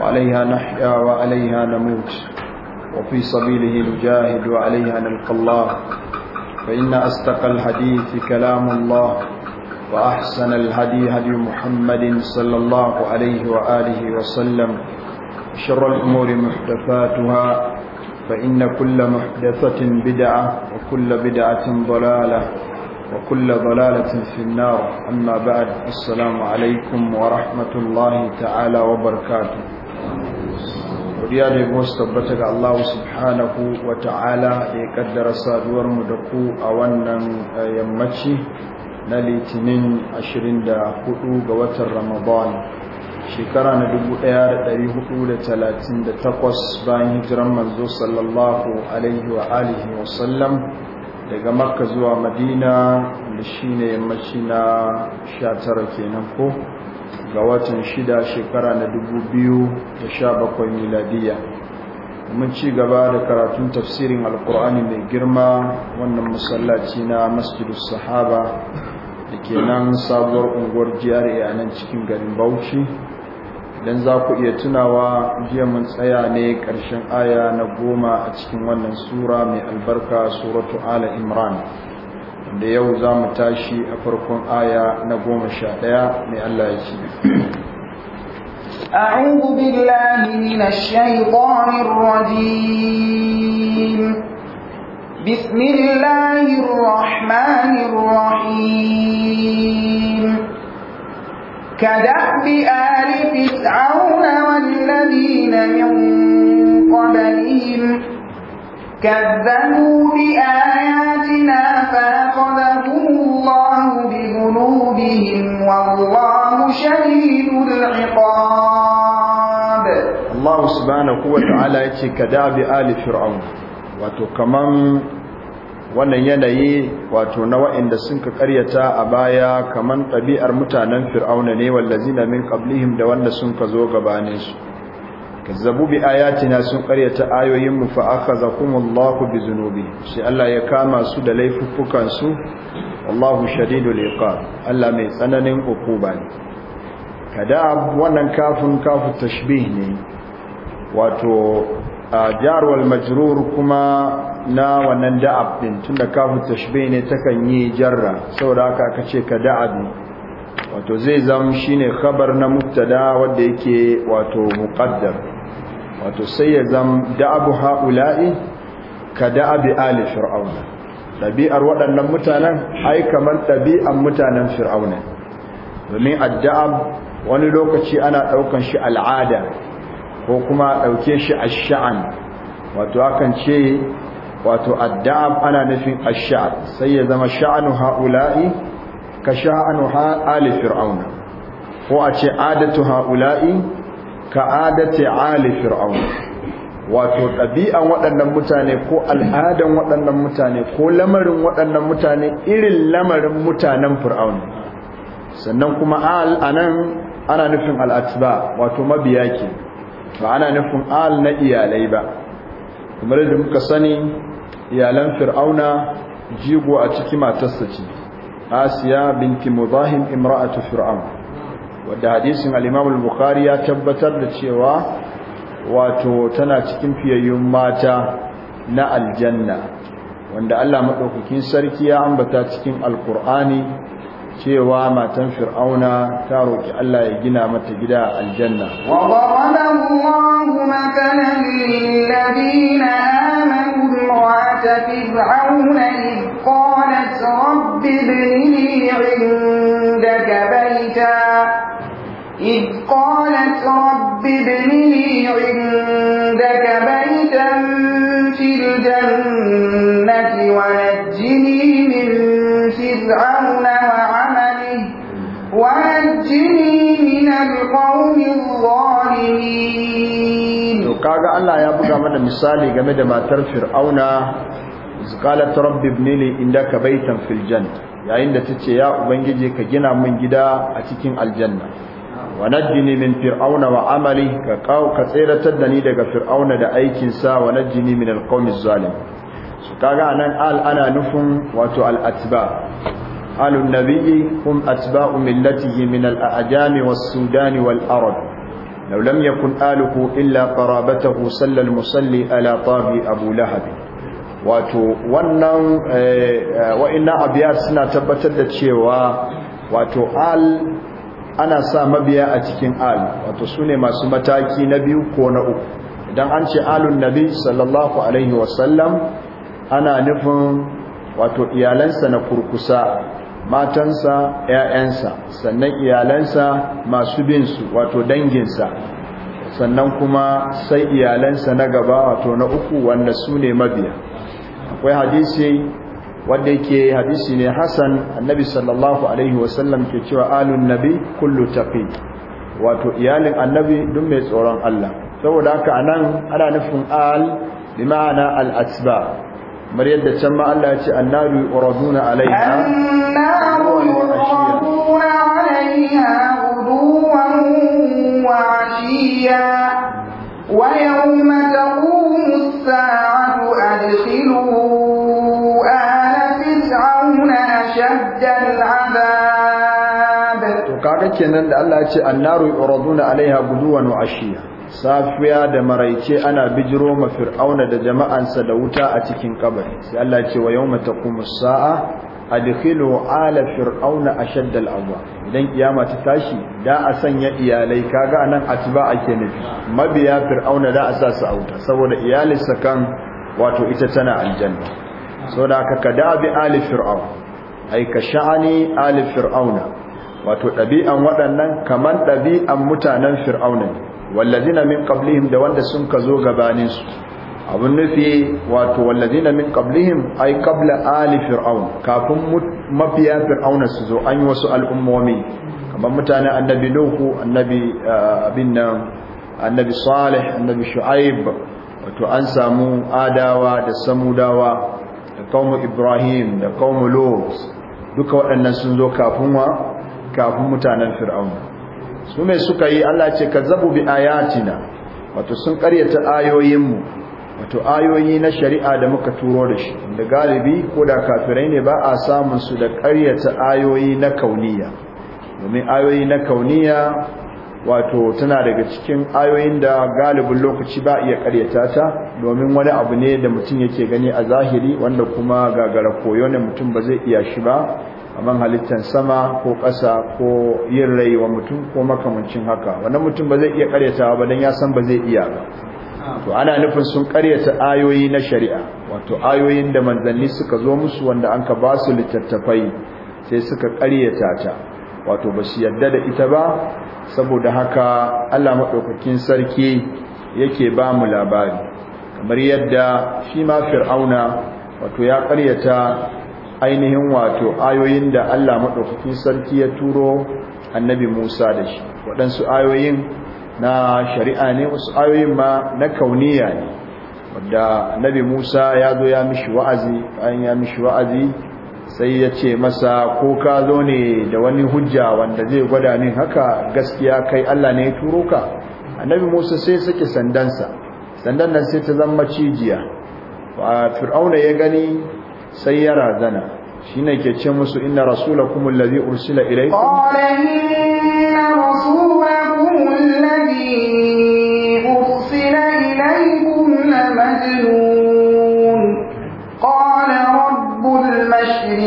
وعليها نحيا وعليها نموت وفي سبيله نجاهد وعليها نلقى الله فإن أصدق الحديث كلام الله وأحسن الهدي هدي محمد صلى الله عليه وآله وسلم شر الأمور محدثاتها فإن كل محدثة بدعة وكل بدعة ضلالة وكل ضلالة في النار أما بعد السلام عليكم ورحمة الله تعالى وبركاته godiya da yabo su tabbata ga Allah subhanahu wa ta'ala da ya kaddara saduwar mu da ku a wannan eh, yammaci na litinin 24 ga watan Ramadan shekara na 1438 bayan hijiran manzo sallallahu alaihi wa alihi wa sallam daga Makka zuwa Madina da shine yammaci na 19 kenan ko ga watan shida shekara na dubu biyu sha bakwai miladiya mun ci gaba da karatun tafsirin alkur'ani mai girma wannan masallaci na masjidus sahaba da ke nan sabuwar unguwar jiyari a nan cikin garin bauchi don za ku iya tunawa jiya mun tsaya ne ƙarshen aya na goma a cikin wannan sura mai albarka suratu ala imran da yau za mu tashi a farkon aya na goma sha ɗaya mai Allah ya ce. أعوذ بالله من الشيطان الرجيم بسم الله الرحمن الرحيم كدأب آل فرعون والذين من قبلهم كذبوا بآيات الذين فأخذهم الله بذنوبهم والله شديد العقاب الله سبحانه وتعالى كداب آل فرعون وتكمم wannan yanayi wato na waanda sun ka karyata a baya kaman ɗabi'ar mutanen fir'auna ne wallazina min qablihim da wanda sun ka zo su? kazzabu bi ayatina sun karyata ayoyin mu fa akhazakumullahu bi zunubi shi Allah ya kama su da laifukan su wallahu shadidul iqab Allah mai tsananin hukuma ne kada wannan kafin kafu tashbih ne wato a wal majrur kuma na wannan da'ab din tunda kafu tashbih ne takan yi jarra saboda haka aka ce ka da'ab ne wato zai zama shine khabar na mubtada wanda yake wato muqaddar wato sai ya zam da'abu ha'ula'i ka da'abi ali fir'auna ɗabi'ar waɗannan mutanen ai kamar ɗabi'an mutanen fir'auna domin adda'ab wani lokaci ana ɗaukan shi al'ada ko kuma ɗauke shi sha'an. wato akan ce wato adda'ab ana nufin ash'an sai ya zama sha'anu ha'ula'i ka sha'anu ha'ali fir'auna ko a ce adatu ha'ula'i Ka adace ali fir'aun wato ɗabi'an waɗannan mutane ko al'adan waɗannan mutane ko lamarin waɗannan mutane irin lamarin mutanen fir'aun sannan kuma al anan ana nufin al'atba wato mabiya ke ba ana nufin al na iyalai ba kamar da muka sani iyalan fir'auna jigo a ciki matarsa ce asiya binti muzahim imra'atu fir'aun wadda hadisin al bukhari ya tabbatar da cewa wato tana cikin fiyayyun mata na aljanna wanda Allah maɗaukakin sarki ya ambata cikin Alkur'ani, cewa matan fir'auna ta roƙi Allah ya gina mata gida a aljanna wa qala Allahu makanan lilladheena إذ قالت رب ابن عندك بيتا في الجنة ونجني من فرعون وعمله ونجني من القوم الظالمين وقال الله يا بقى من مثالي قمد ما ترفر أونا إذ قالت رب ابن عندك بيتا في الجنة yayin da ta ce ya ubangiji ka gina min gida a cikin aljanna ونجني من فرعون وعمله كقاو كثيرة تدني دغ فرعون دا aikin sa ونجني من القوم الظالم su kaga anan al ana nufin wato al atba alun nabiyyi hum atba'u millatihi min al a'jam was sudan wal arab law lam yakun aluhu illa qarabatuhu sallal musalli ala tabi abu lahab wato wannan wa'inna abiyat suna tabbatar da cewa wato al ana sa mabiya a cikin al wato su masu mataki na biyu ko na uku idan an ce alun nabi sallallahu alaihi wasallam ana nufin wato iyalansa na kurkusa matansa ƴaƴansa sannan iyalansa masu bin su wato danginsa sannan kuma sai iyalansa na gaba wato na uku wanda su ne mabiya akwai hadisi wanda yake hadisi ne hasan annabi sallallahu alaihi wasallam ke cewa alun nabi kullu taqi wato iyalin annabi duk mai tsoron Allah saboda haka anan ana nufin al bi ma'ana al asba mar yadda can ma Allah ya ce annaru yuraduna alaiha annaru yuraduna alaiha guduwan wa ashiya wa yawma taqumu as sa'a. أشد kenan da Allah ya ce annaru النار alaiha guduwan wa ashiya? safiya da maraice ana bijiro ma fir'auna da jama'ansa da wuta a cikin kabari sai Allah ce wa yawma taqumu sa'a adkhilu ala fir'auna ashadda al'azab idan kiyama ta tashi da a sanya iyalai kaga anan atiba ake nufi mabiya fir'auna da a sa su a wuta saboda iyalinsa kan wato ita tana aljanna saboda haka kada bi ali fir'auna ai ka sha'ani ali fir'auna wato ɗabi'an waɗannan kaman ɗabi'an mutanen fir'auna ne wallazina min qablihim da wanda sun ka zo gabanin su abun nufi wato wallazina min qablihim ai qabla ali fir'aun kafin mafiya fir'auna su zo an yi wasu al'ummomi Kaman mutanen annabi nuhu annabi eh, abin nan annabi salih annabi shu'aib wato an samu adawa da samudawa da qaumu ibrahim da qaumu lut duka waɗannan sun zo kafin mutanen fir'auna su mai suka yi Allah ce ka zabu bi ayatina wato sun karyata ayoyinmu wato ayoyi na shari'a da muka turo da shi da galibi ko da kafirai ne ba a samun su da karyata ayoyi na kauniya domin ayoyi na kauniya wato tana daga cikin ayoyin da galibin lokaci ba iya karyata ta domin wani abu ne da mutum yake gani a zahiri wanda kuma gagara koyo ne mutum ba zai iya shi ba man halittar sama ko ƙasa ko yin rai wa mutum ko makamancin haka wannan mutum ba zai iya karyata ba don ya san ba zai iya ba to ana nufin sun karyata ayoyi na shari'a wato ayoyin da manzanni suka zo musu wanda an ka ba su littattafai sai suka karyata ta wato ba su yadda da ita ba saboda haka Allah maɗaukakin sarki yake ba mu labari kamar yadda shi ma fir'auna wato ya ƙaryata ainihin wato ayoyin da Allah maɗaukakin sarki ya turo annabi Musa da shi waɗansu ayoyin na shari'a ne wasu ayoyin ma na kauniya ne wadda annabi Musa ya zo ya mishi wa'azi bayan ya mishi wa'azi sai ya ce masa ko ka zo ne da wani hujja wanda zai gwada min haka gaskiya kai Allah ne ya turo ka annabi Musa sai sake sandansa sandan nan sai ta zama cijiya fir'auna ya gani sai ya razana shine ke ce musu inna rasulakum allazi ursila ilaykum qala inna rasulakum allazi ursila ilaykum la majnun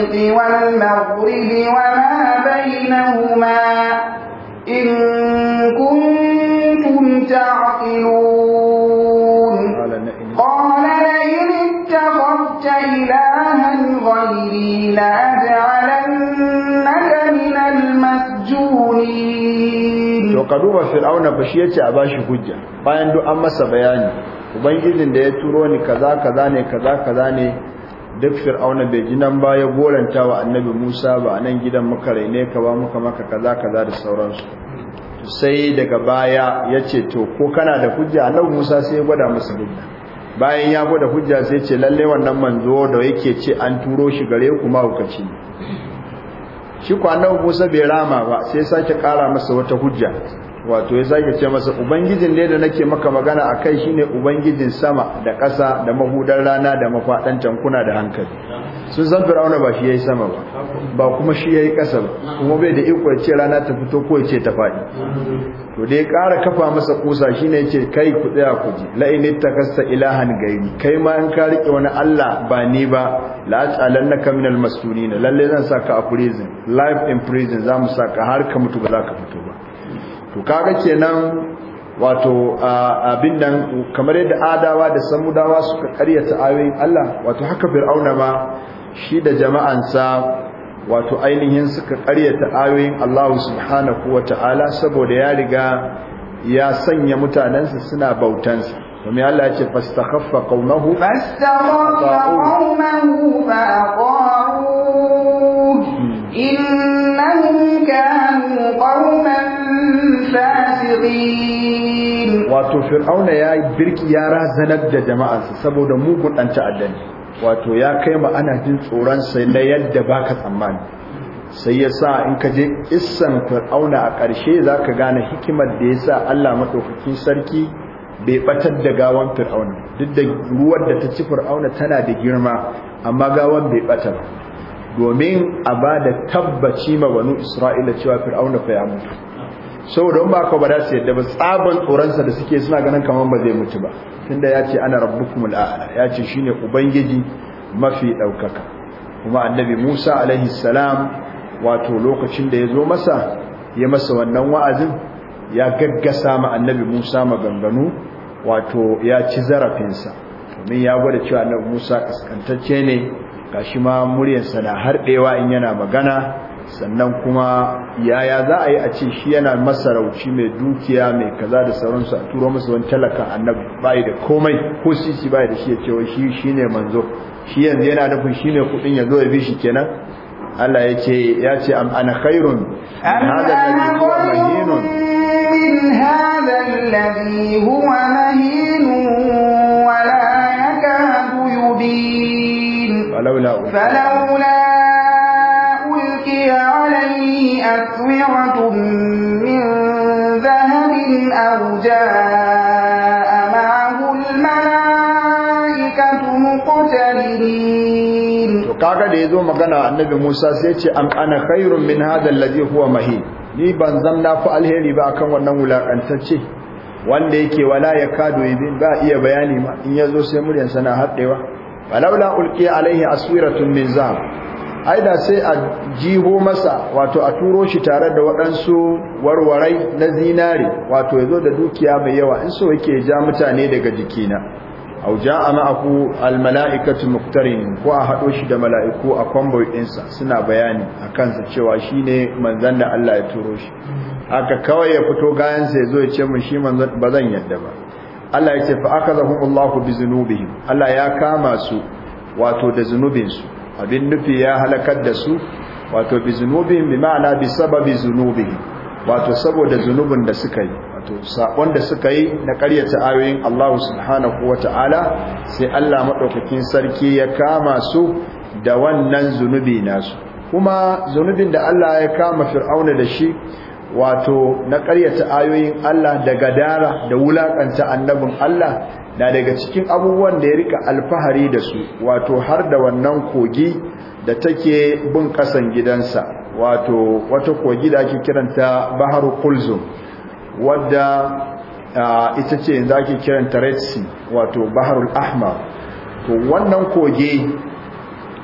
المشرق والمغرب وما بينهما إن كنتم تعقلون قال لئن اتخذت إلها غيري لأجعلنك من المسجونين وقدوم فرعون بشيئة أباشي حجة bayan duk an masa bayani ubangijin da ya turo ni kaza kaza ne kaza kaza ne duk fir'auna bai ji nan ba ya goranta wa annabi musa ba a nan gidan muka raine ka ba muka maka kaza kaza da sauransu sai daga baya ya ce to ko kana da hujja annabi musa sai ya gwada musu hujja bayan ya gwada hujja sai ce lalle wannan manzo da yake ce an turo shi gare ku ma ci. shi ko annabi musa bai rama ba sai sake kara masa wata hujja wato ya sake ce masa ubangijin ne da nake maka magana a kai shine ubangijin sama da ƙasa da mahudar rana da mafaɗan cankuna da hankali sun san fir'auna ba shi ya yi sama ba ba kuma shi yayi ƙasa ba kuma bai da iko ce rana ta fito ko ya ce ta faɗi to da ya ƙara kafa masa kusa shine yace kai ku tsaya ku ji la in ittakasta ilahan gairi kai ma in ka rike wani Allah ba ni ba la atsalannaka minal mastunina lalle zan saka a prison life in prison zamu mu saka har ka mutu ba za ka fito ba to kaga kenan wato abin nan kamar yadda adawa da samudawa suka karyata ayoyin Allah wato haka fir'auna ma shi da jama'ansa wato ainihin suka karyata ayoyin Allah subhanahu wataala saboda ya riga ya sanya mutanansa suna bautansa kuma Allah ya ce fastakhaffa qaumahu fastakhaffa qaumahu faqaru hmm. innahum kanu wato fir'auna ya birki ya razanar da jama'arsa saboda mugun dan addani wato ya kai ma ana jin tsoron sai na yadda baka tsammani sai ya sa in ka je kissan fir'auna a ƙarshe za ka gane hikimar da ya sa Allah maɗaukakin sarki bai ɓatar da gawan fir'auna duk da ruwan da ta ci fir'auna tana da girma amma gawan bai batar, domin a ba da tabbaci ma wani isra'ila cewa fir'auna fa ya mutu saboda in ba ka ba da su yadda ba tsaban tsoronsa da suke suna ganin kamar ba zai mutu ba tunda ya ce ana rabbukumul a'la ya ce shine ubangiji mafi daukaka kuma annabi Musa alaihi salam wato lokacin da ya zo masa ya masa wannan wa'azin ya gaggasa ma annabi Musa maganganu wato ya ci zarafinsa domin ya gwada cewa annabi Musa kaskantacce ne shi ma muryarsa na harɗewa in yana magana sannan kuma yaya za a yi a ce shi yana masarauci mai dukiya mai kaza da sauransu a turo masa wani talakan annabi bai da komai ko sisi bai da shi ya cewa shi shi ne manzo shi yanzu yana nufin shi ne kudin ya zo ya bi kenan Allah ya ce ya ce am ana khairun hada alladhi mahinun min yakadu yubin falawla فألقي عليه أسورة من ذهب أو جاء معه الملائكة مقترنين kaga da yazo magana annabi Musa sai ce am ana khairun min hadha alladhi ni ban zan na fi alheri ba akan wannan wulakantacce wanda yake wala ya kado ibin ba iya bayani ma in ya zo sai muryan na haɗewa balaula ulqiya alaihi aswiratun min zahab Aida sai a jiho masa wato a turo shi tare da waɗansu warwarai na zinare wato ya zo da dukiya mai yawa in so yake ja mutane daga jikina au a ma'ahu almala'ikatu muktarin ko a haɗo shi da mala'iku a kwamboy ɗinsa suna bayani a kansa cewa shi ne manzan da Allah ya turo shi haka kawai ya fito kayansa ya zo ya ce min shi ba zan yadda ba Allah ya ce fa Allah ku bi zunubihim Allah ya kama su wato da zunubinsu abin nufi ya halakar da su wato bi bi ma'ana bi sababi zunubi? wato saboda zunubin da suka yi wato sakon da suka yi na ƙaryata ayoyin Allah subhanahu ta'ala sai Allah madaukakin sarki ya kama su da wannan zunubi nasu kuma zunubin da Allah ya kama fir'auna da shi wato na ƙaryata ayoyin Allah da gadara da wulakanta annabin Allah na daga cikin abubuwan da ya rika alfahari da su wato har da wannan kogi da take bin kasan gidansa wato wata kogi da ake kiranta baharu kulzum wadda ita ce yanzu ake kiranta red sea wato baharul ahmar to wannan kogi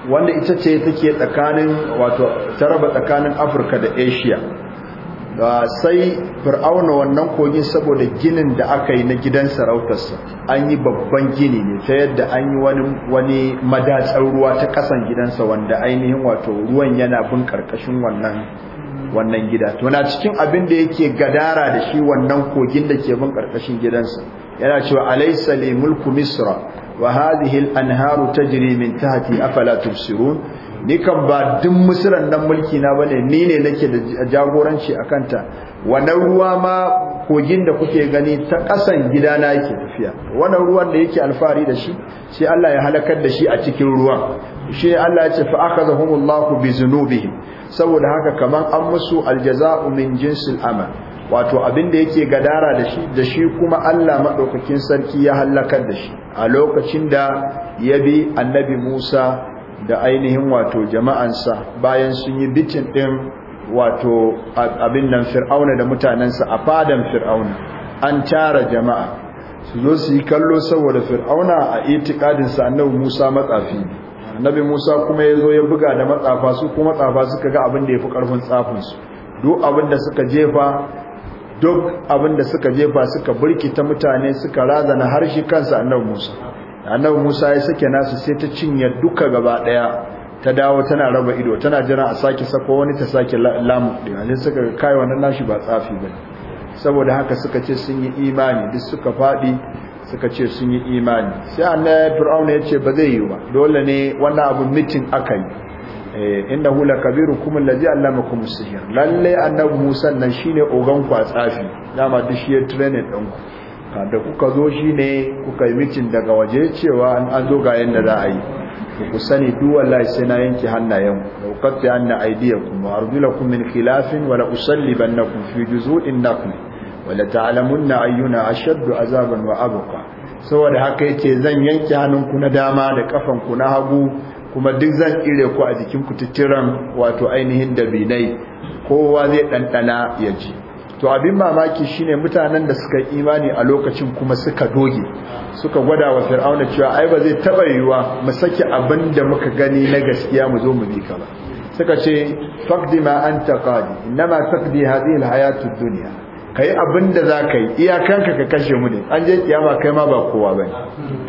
wanda ita ce take tsakanin wato ta tsakanin afirka da asia sai fir'auna wannan kogin saboda ginin da aka yi na gidan sarautar sa an yi babban gini ne ta yadda an yi wani madatsar ruwa ta kasan gidansa wanda ainihin wato ruwan yana bin karkashin wannan wannan gida to na cikin abin da yake gadara da shi wannan kogin da ke bin karkashin gidansa yana cewa alaysa li mulku misra wa hadhihi al-anharu tajri min tahti afala tubsirun ni kan ba duk musulun nan mulki na bane ni ne nake da jagoranci a ta wannan ruwa ma kogin da kuke gani ta kasan gida na yake tafiya wannan ruwan da yake alfahari da shi sai Allah ya halakar da shi a cikin ruwan shi Allah ya ce fa akhadhahumullahu bi zunubihim saboda haka kaman an musu aljaza'u min jinsil amal wato abin da yake gadara da shi da shi kuma Allah madaukakin sarki ya halakar da shi a lokacin da ya bi annabi Musa da ainihin wato jama'ansa bayan sun yi bitin ɗin wato abin nan fir'auna da mutanensa a fadan fir'auna an tara jama'a su zo su yi kallo saboda fir'auna a itikadinsa annabi musa matsafi annabi musa kuma ya zo ya buga da matsafa su kuma matsafa suka ga abin da ya fi ƙarfin tsafinsu duk abin da suka jefa duk abin da suka jefa suka burkita mutane suka razana har shi kansa annabi musa annabi Musa ya sake nasu sai ta cinye duka gaba daya ta dawo tana raba ido tana jira a sake sako wani ta sake lamu din sai suka kai wannan nashi ba tsafi ba saboda haka suka ce sun yi imani duk suka fadi suka ce sun yi imani sai annabi Fir'auna ya ce ba zai yi ba dole ne wannan abu mitin In eh, inda hula kabiru kuma lazi allama kuma sihir lallai annabi Musa nan shine ogan kwatsafi dama duk shi ya training ku. Kada kuka zo shi ne kuka yi mitin daga waje cewa an zo ga yadda za a yi ku sani duk wallahi sai na yanke hannayen ku uqatti anna aydiyakum wa kuma min khilafin ban na kun fi in na nakhli wa la na ayyuna ashaddu azaban wa Sau saboda haka yake zan yanke hannunku na dama da ku na hagu kuma duk zan ire ku a jikin ku tittiran wato ainihin dabinai kowa zai ɗanɗana ya ji to abin mamaki shine mutanen da suka imani a lokacin kuma suka doge suka gwada wa fir'auna cewa ai ba zai taba yiwa mu saki abin da muka gani na gaskiya mu zo mu bi ka ba suka ce faqdi ma anta qadi inma taqdi hadhihi alhayat ad-dunya kai abin da zaka yi iyakanka ka kashe mu ne an je kiyama kai ma ba kowa bane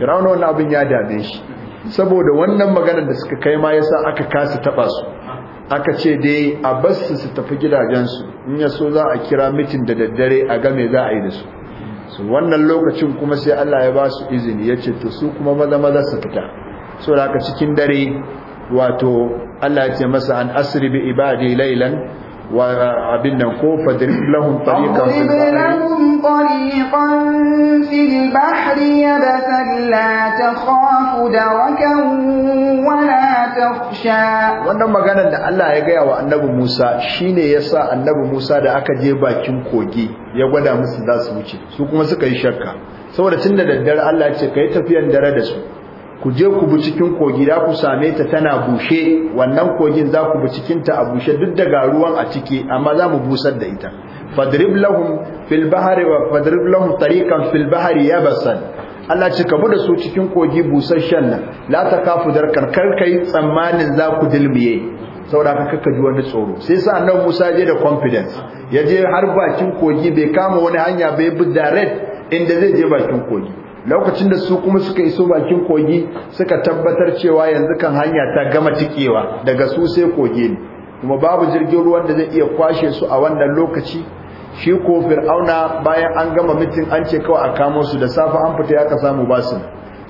fir'auna wannan abin ya dame shi saboda wannan maganar da suka kai ma yasa aka kasa taba su aka ce dai a bassu su tafi gidajensu in ya so za a kira mitin da daddare a game za a yi da su su wannan lokacin kuma sai Allah ya ba su izini ya ce to su kuma maza maza su fita so da aka cikin dare wato Allah ya ce masa an asri bi ibadi laylan وابن نقو فاضرب لهم طريقا في البحر لهم طريقا في البحر يبسا لا تخاف دركا ولا تخشى wannan maganar da Allah ya gaya wa Annabi Musa shine yasa Annabi Musa da aka je bakin kogi ya gwada musu za su wuce su kuma suka yi shakka saboda tun da daddare Allah ya ce kai tafiyan dare da su ku je ku bi cikin kogi da ku same ta tana bushe wannan kogin za ku bi cikin ta a bushe duk daga ruwan a ciki amma za mu busar da ita fadrib lahum fil bahri wa fadrib lahum tariqan fil bahri yabasan Allah ce ka bude su cikin kogi busasshen nan la kafu darkan kar kai tsammanin za ku dilmiye saboda haka kaka ji wani tsoro sai sa annabi Musa je da confidence ya je har bakin kogi bai kama wani hanya bai bi direct inda zai je bakin kogi lokacin da su kuma suka iso bakin kogi suka tabbatar cewa yanzu kan hanya ta gama tikewa daga su sai kogi ne kuma babu jirgin ruwan da zai iya kwashe su a wannan lokaci shi ko fir'auna bayan an gama mitin an ce kawai a kamo su da safe an fita ya ka samu basu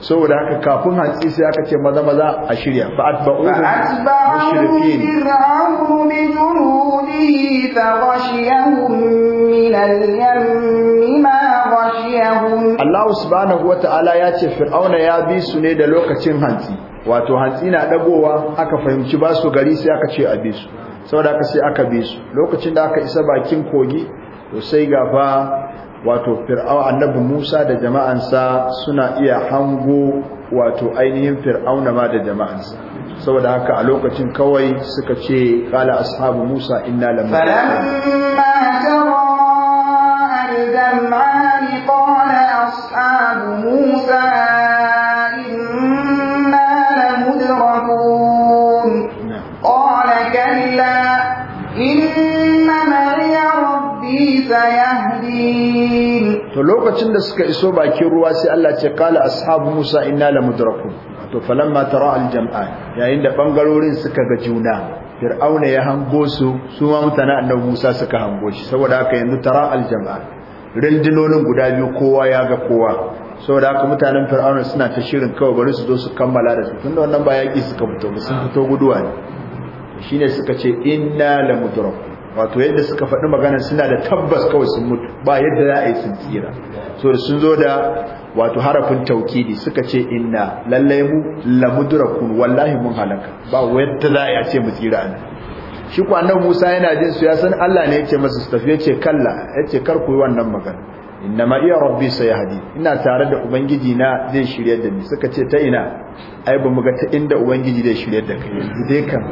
saboda haka kafin hantsi sai aka ce maza maza a shirya ba ba atba'u mashirfi ليهديهم الله ta'ala ya ce fir'auna ya bi su ne da lokacin hantsi wato hantsi na dagowa aka fahimci ba su gari sai aka ce a bi su saboda aka sai aka bi su lokacin da aka isa bakin kogi to sai gaba wato fir'aun annabi Musa da jama'ansa suna iya hango wato ainihin fir'auna ma da jama'ansa saboda haka a lokacin kawai suka ce qala ashabu Musa inna lamma falamma tara إذ قال أصحاب موسى إنا لمدركون قال كلا إن معي ربي سيهدين to lokacin da suka iso bakin ruwa sai Allah ce kala ashabu musa inna lamudrakun to falamma tara aljam'an yayin da bangarorin suka ga juna fir'auna ya hango su su ma mutanen annabi musa suka hango shi saboda haka yanzu tara aljam'an rundunonin guda biyu kowa ya ga kowa saboda haka mutanen fir'auna suna ta shirin kawai bari su zo su kammala da su tunda wannan ba yaƙi suka fito ba sun fito guduwa ne ne suka ce inna la mudrak wato yadda suka faɗi magana suna da tabbas kawai sun mutu ba yadda za a yi sun tsira so sun zo da wato harafin taukidi suka ce inna lallai mu la mudrakun wallahi mun halaka ba yadda za a yi a ce mu tsira ne shi ku Musa yana jin su ya san Allah ne yake masa su tafi yace kalla yace kar ku yi wannan magana ma iya rabbi hadi ina tare da ubangiji na zai shirya da ni suka ce ta ina ai ba mu ga ta inda ubangiji zai shirya da kai yanzu dai kan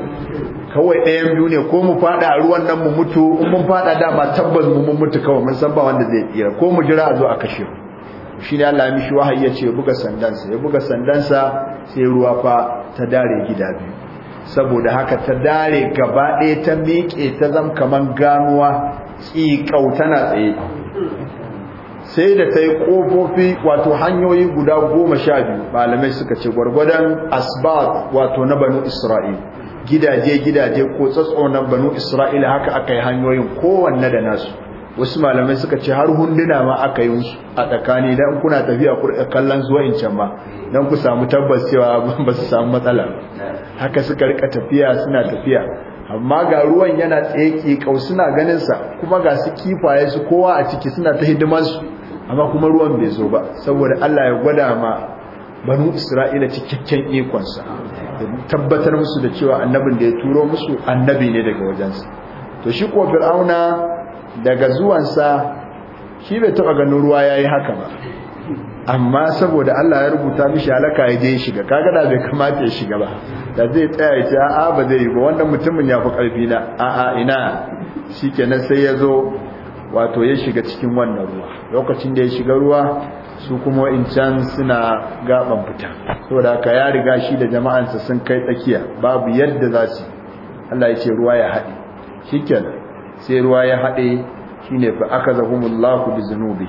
kawai ɗayan biyu ne ko mu fada a ruwan nan mu mutu in mun fada dama tabbas mu mun mutu kawai mun san ba wanda zai tsira ko mu jira a zo a kashe mu shi ne Allah ya mishi wahayi ya ce buga sandansa ya buga sandansa sai ruwa fa ta dare gida biyu saboda haka ta dare gaba ɗaya ta miƙe ta zam kamar ganuwa tsikau tana tsaye sai da ta yi ƙofofi wato hanyoyi guda goma sha biyu malamai suka ce gwargwadon asbab wato na banu isra'il gidaje gidaje ko tsatso na banu Isra'il, haka aka yi hanyoyin kowanne da nasu wasu malamai suka ce har hunduna ma aka yi musu a tsakani dan kuna tafiya ku kallon zuwa in can ma dan ku samu tabbas cewa ba su samu matsala haka suka rika tafiya suna tafiya amma ga ruwan yana tseke kau suna ganin sa kuma ga su kifaye su kowa a ciki suna ta hidimar su amma kuma ruwan bai zo ba saboda Allah ya gwada ma banu Isra'ila cikakken ikon sa tabbatar musu da cewa annabin da ya turo musu annabi ne daga wajensa to shi ko fir'auna daga zuwansa shi bai taba ganin ruwa yayi haka ba amma saboda Allah ya rubuta mishi halaka ya je shiga kaga da bai kamata ya shiga ba da zai tsaya ya ce a'a ba zai yi ba wannan mutumin ya fi karfi na a'a ina shikenan sai ya zo wato ya shiga cikin wannan ruwa lokacin da ya shiga ruwa su kuma in can suna gaban fita saboda haka ya riga shi da jama'ansa sun kai tsakiya babu yadda za su Allah ya ce ruwa ya haɗe shikenan sai ruwa ya haɗe shine fa akazahumullahu bi zunubi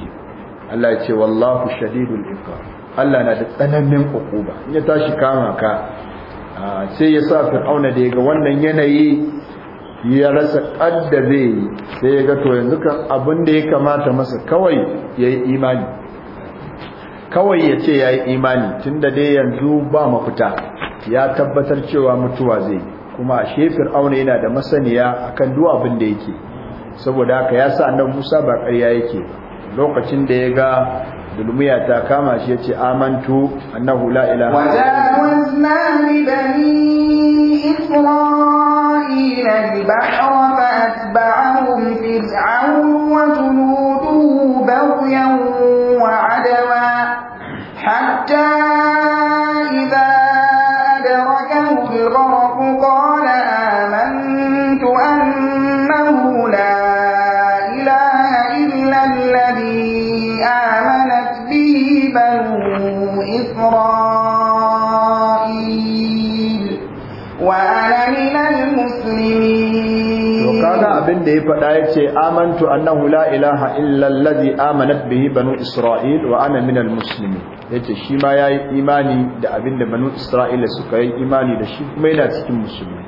Allah ya ce wallahu shadidul ikka Allah na da tsananin ukuba in ya tashi kama ka sai ya sa auna da ga wannan yanayi ya rasa ƙadda zai yi sai ya ga to yanzu kan abin da ya kamata masa kawai ya yi imani kawai ya ce ya yi imani tunda dai yanzu ba mafita ya tabbatar cewa mutuwa zai yi kuma ashe fir'auna yana da masaniya akan duk abin da yake saboda haka ya sa annabi Musa ba ƙarya yake lokacin da ya ga dulmiya ta kama shi yace amantu annahu la ilaha wa ja'alna li bani isra'ila al-bahra atba'ahum fir'aun wa junuduhu baghyan wa adama hatta abin da ya faɗa ya ce amantu annahu la ilaha illallazi amanat bihi banu isra'il wa ana minal muslimin yace shi ma yayi imani da abin da banu isra'ila suka yi imani da shi kuma yana cikin musulmi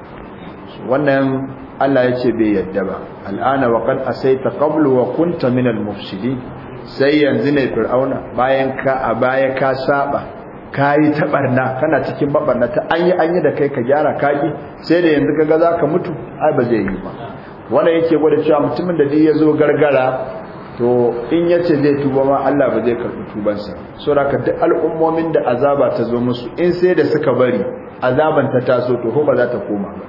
wannan Allah yace bai yadda ba al'ana wa qad asaita qablu wa kunta minal mufsidin sai yanzu ne fir'auna bayan ka a baya ka saba kayi tabarna kana cikin babarna ta anyi anyi da kai ka gyara kaki sai da yanzu kaga zaka mutu ai ba zai yi ba wanda yake gwada cewa mutumin da ya zo gargara to in yace zai tuba ma Allah ba zai karɓi tubansa So ka duk al'ummomin da azaba ta zo musu in sai da suka bari azaban ta taso to ko ba za ta koma ba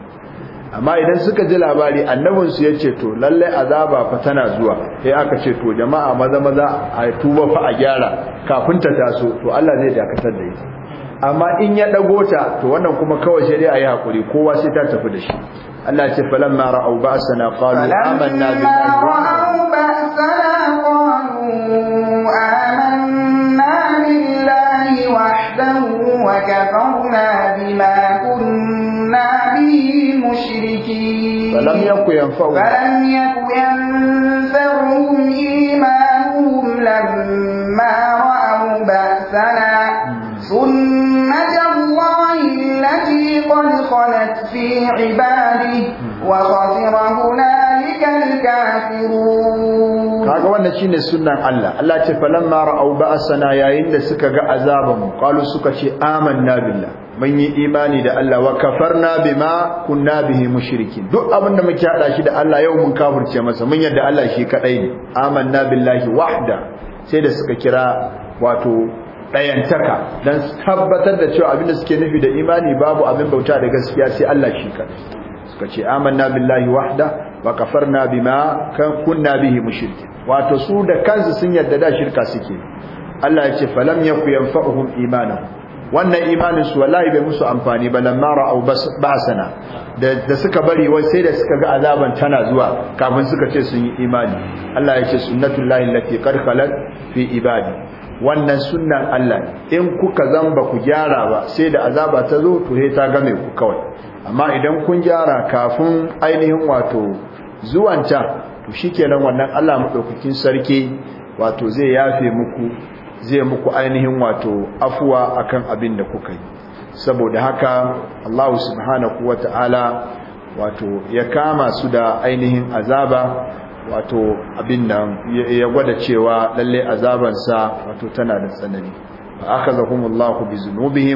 amma idan suka ji labari annabin su yace to lalle azaba fa tana zuwa sai aka ce to jama'a maza maza a tuba fa a gyara kafin ta taso to Allah zai dakatar da ita amma in ya dago ta to wannan kuma kawai sai dai ayi hakuri kowa sai ta tafi da shi Allah ya ce falamma ra'au ba'sana qalu amanna billahi wa ba'sana qalu amanna billahi wahdahu wa kafarna bima kunna bihi mushrikeen falam yakun yanfa'u falam yakun yanfa'uhum imanuhum lamma ra'au ba'sana sunnah الله التي قد خلت في عباده وخسر هنالك الكافرون kaga wannan shine sunnan Allah Allah ce falamma ra'au ba'sana yayin da suka ga azaban qalu suka ce amanna billah mun yi imani da Allah wa kafarna bima kunna bihi mushrikin duk abin da muke hada shi da Allah yau mun kafirce masa mun yadda Allah shi kadai ne amanna billahi wahda sai da suka kira wato ɗayantaka don tabbatar da cewa abinda suke nufi da imani babu abin bauta da gaskiya sai Allah shi kaɗai suka ce amanna billahi wahda wa kafarna bima kunna bihi mushrikin wato su da kansu sun yarda da shirka suke Allah ya ce falam yaku yanfa'uhum imanuhum wannan imanin su wallahi bai musu amfani ba lamma ra'aw ba'sana da da suka bari wai sai da suka ga azaban tana zuwa kafin suka ce sun yi imani Allah ya ce sunnatullahi allati qad khalat fi ibadi wannan sunnan Allah in kuka zamba ku gyara ba sai da azaba ta zo to sai ta game ku kawai amma idan kun gyara kafin ainihin wato zuwan zuwanta to shikenan wannan Allah madaukakin sarki wato zai yafe muku zai muku ainihin wato afuwa akan abin da kuka yi saboda haka Allah subhanahu wataala wato ya kama su da ainihin azaba wato abin nan ya gwada cewa lalle azabansa wato tana da tsanani aka zakumullahu bi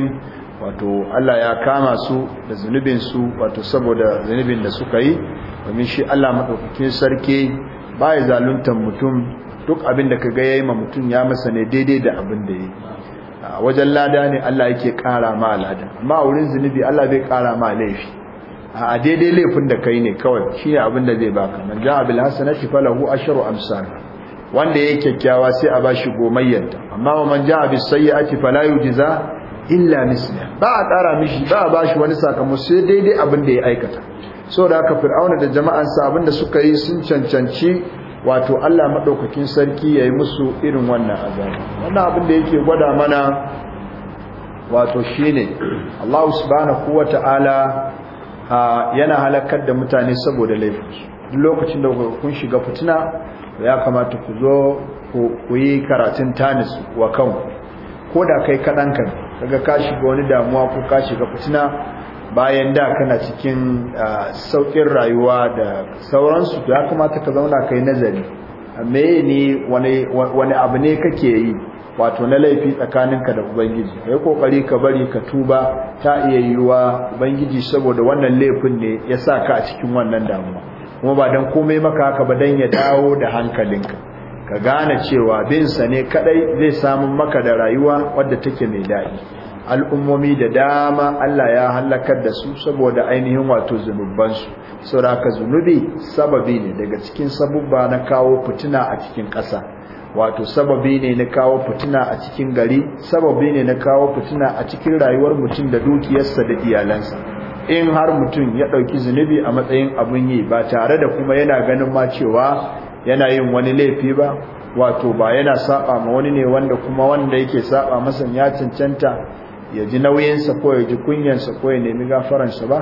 wato Allah ya kama su da zunubin su wato saboda zunubin da suka yi domin shi Allah madaukakin sarki ya zaluntar mutum duk abin da kaga yayi ma mutum ya masa ne daidai da abin da yi wajen lada ne Allah yake kara ma lada amma wurin zunubi Allah bai kara ma laifi a daidai laifin da kai ne kawai shi ne abin da zai baka man ja'a bil hasanati falahu ashru amsal wanda yake kyakkyawa sai a bashi gomayyanta amma man ja'a bis sayyi'ati fala yujza illa misla ba a ƙara mishi ba a bashi wani sakamako sai daidai abinda ya aikata saboda haka fir'auna da jama'ansa abin da suka yi sun cancanci wato Allah madaukakin sarki yi musu irin wannan azabi wannan abin da yake gwada mana wato shine Allah subhanahu wata'ala yana halakar da mutane saboda laifinsu duk lokacin da kun shiga fitina ya kamata ku zo ku yi karatun tanis wa kan ko da kai kaɗan kan kaga ka shiga wani damuwa ko ka shiga fitina bayan da kana cikin sauƙin rayuwa da sauransu ya kamata ka zauna kai nazari me ne wani abu ne kake yi wato na laifi tsakaninka da ubangiji kai kokari ka bari ka tuba ta iya yiwuwa ubangiji saboda wannan laifin ne ya sa ka a cikin wannan damuwa kuma ba dan komai maka haka ba dan ya dawo da hankalinka ka gane cewa bin sa ne kadai zai samu maka da rayuwa wadda take mai daɗi al'ummomi da dama Allah ya halakar da su saboda ainihin wato su. saboda ka zunubi sababi ne daga cikin sabubba na kawo fitina a cikin ƙasa wato sababi ne na kawo fitina a cikin gari sababi ne na kawo fitina a cikin rayuwar mutum da dukiyarsa da iyalansa in har mutum ya ɗauki zunubi a matsayin abun yi ba tare da kuma yana ganin ma cewa yana yin wani laifi ba wato ba yana saba ma wani ne wanda kuma wanda yake saba masa ya cancanta ya ji nauyinsa ko ya ji kunyansa ko ya nemi gafaransa ba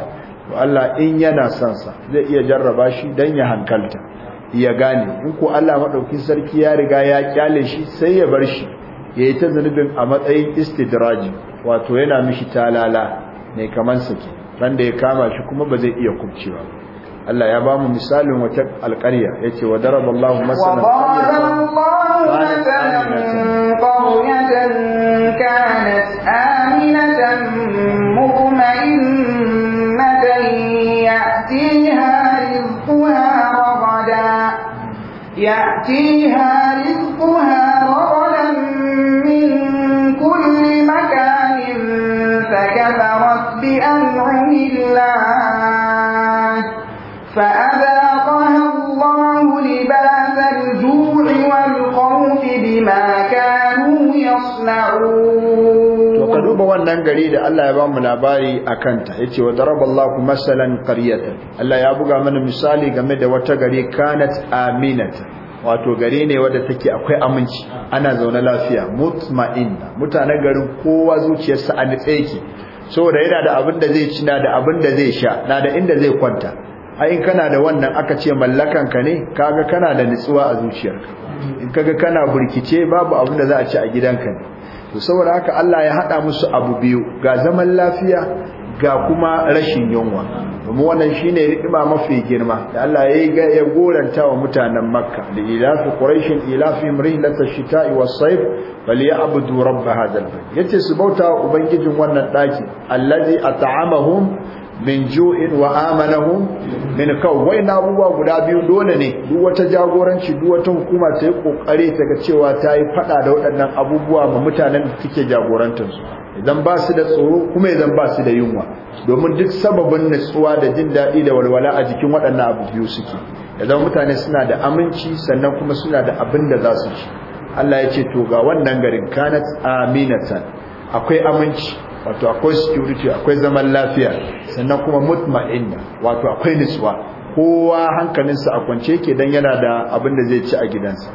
to Allah in yana son sa zai iya jarraba shi dan ya hankalta ya gane in ko Allah madaukin sarki ya riga ya kyale shi sai ya bar shi yayi ta zanubin a matsayin istidraji wato yana mishi talala ne kaman sake ran da ya kama shi kuma ba zai iya kubcewa Allah ya bamu misalin wata alqarya yace wa daraballahu masalan qaryatan kanat aminatan mutma'innatan ya'tiha يأتيها رزقها رغدا من كل مكان فكفرت بأنعم الله wannan gari da Allah ya ba mu labari a kanta ya ce wa daraballahu masalan qaryata Allah ya buga mana misali game da wata gari kanat aminata wato gari ne wadda take akwai aminci ana zaune lafiya mutma'inna mutanen garin kowa zuciyarsa a nitse yake saboda yana da abin da zai ci na da abin da zai sha na da inda zai kwanta ai in kana da wannan aka ce mallakan ka ne kaga kana da nitsuwa a zuciyarka in kaga kana burkice babu abin da za a ci a gidanka ne to saboda haka Allah ya hada musu abu biyu ga zaman lafiya ga kuma rashin yunwa domin wannan shine rikima mafi girma da Allah ya ya goranta wa mutanen Makka da ilafi quraish ilafi mrihlat ash-shita'i was-sayf falyabudu rabb hadha al-bayt yace su bauta wa ubangijin wannan daki allazi at'amahum min ju'in wa amanahum min kaw wai na abubuwa guda biyu dole ne duk wata jagoranci duk wata hukuma ta yi kokare ta ga cewa ta yi fada da waɗannan abubuwa ma mutanen da suke jagorantar su idan ba su da tsoro kuma idan ba su da yunwa domin duk sababin natsuwa da jin daɗi da walwala a jikin waɗannan abu biyu suke idan mutane suna da aminci sannan kuma suna da abin da za su ci Allah ya ce to ga wannan garin kanat aminatan akwai aminci wato akwai security akwai zaman lafiya sannan kuma mutma'inna wato akwai nutsuwa kowa hankalinsa a kwance yake dan yana da abin da zai ci a gidansa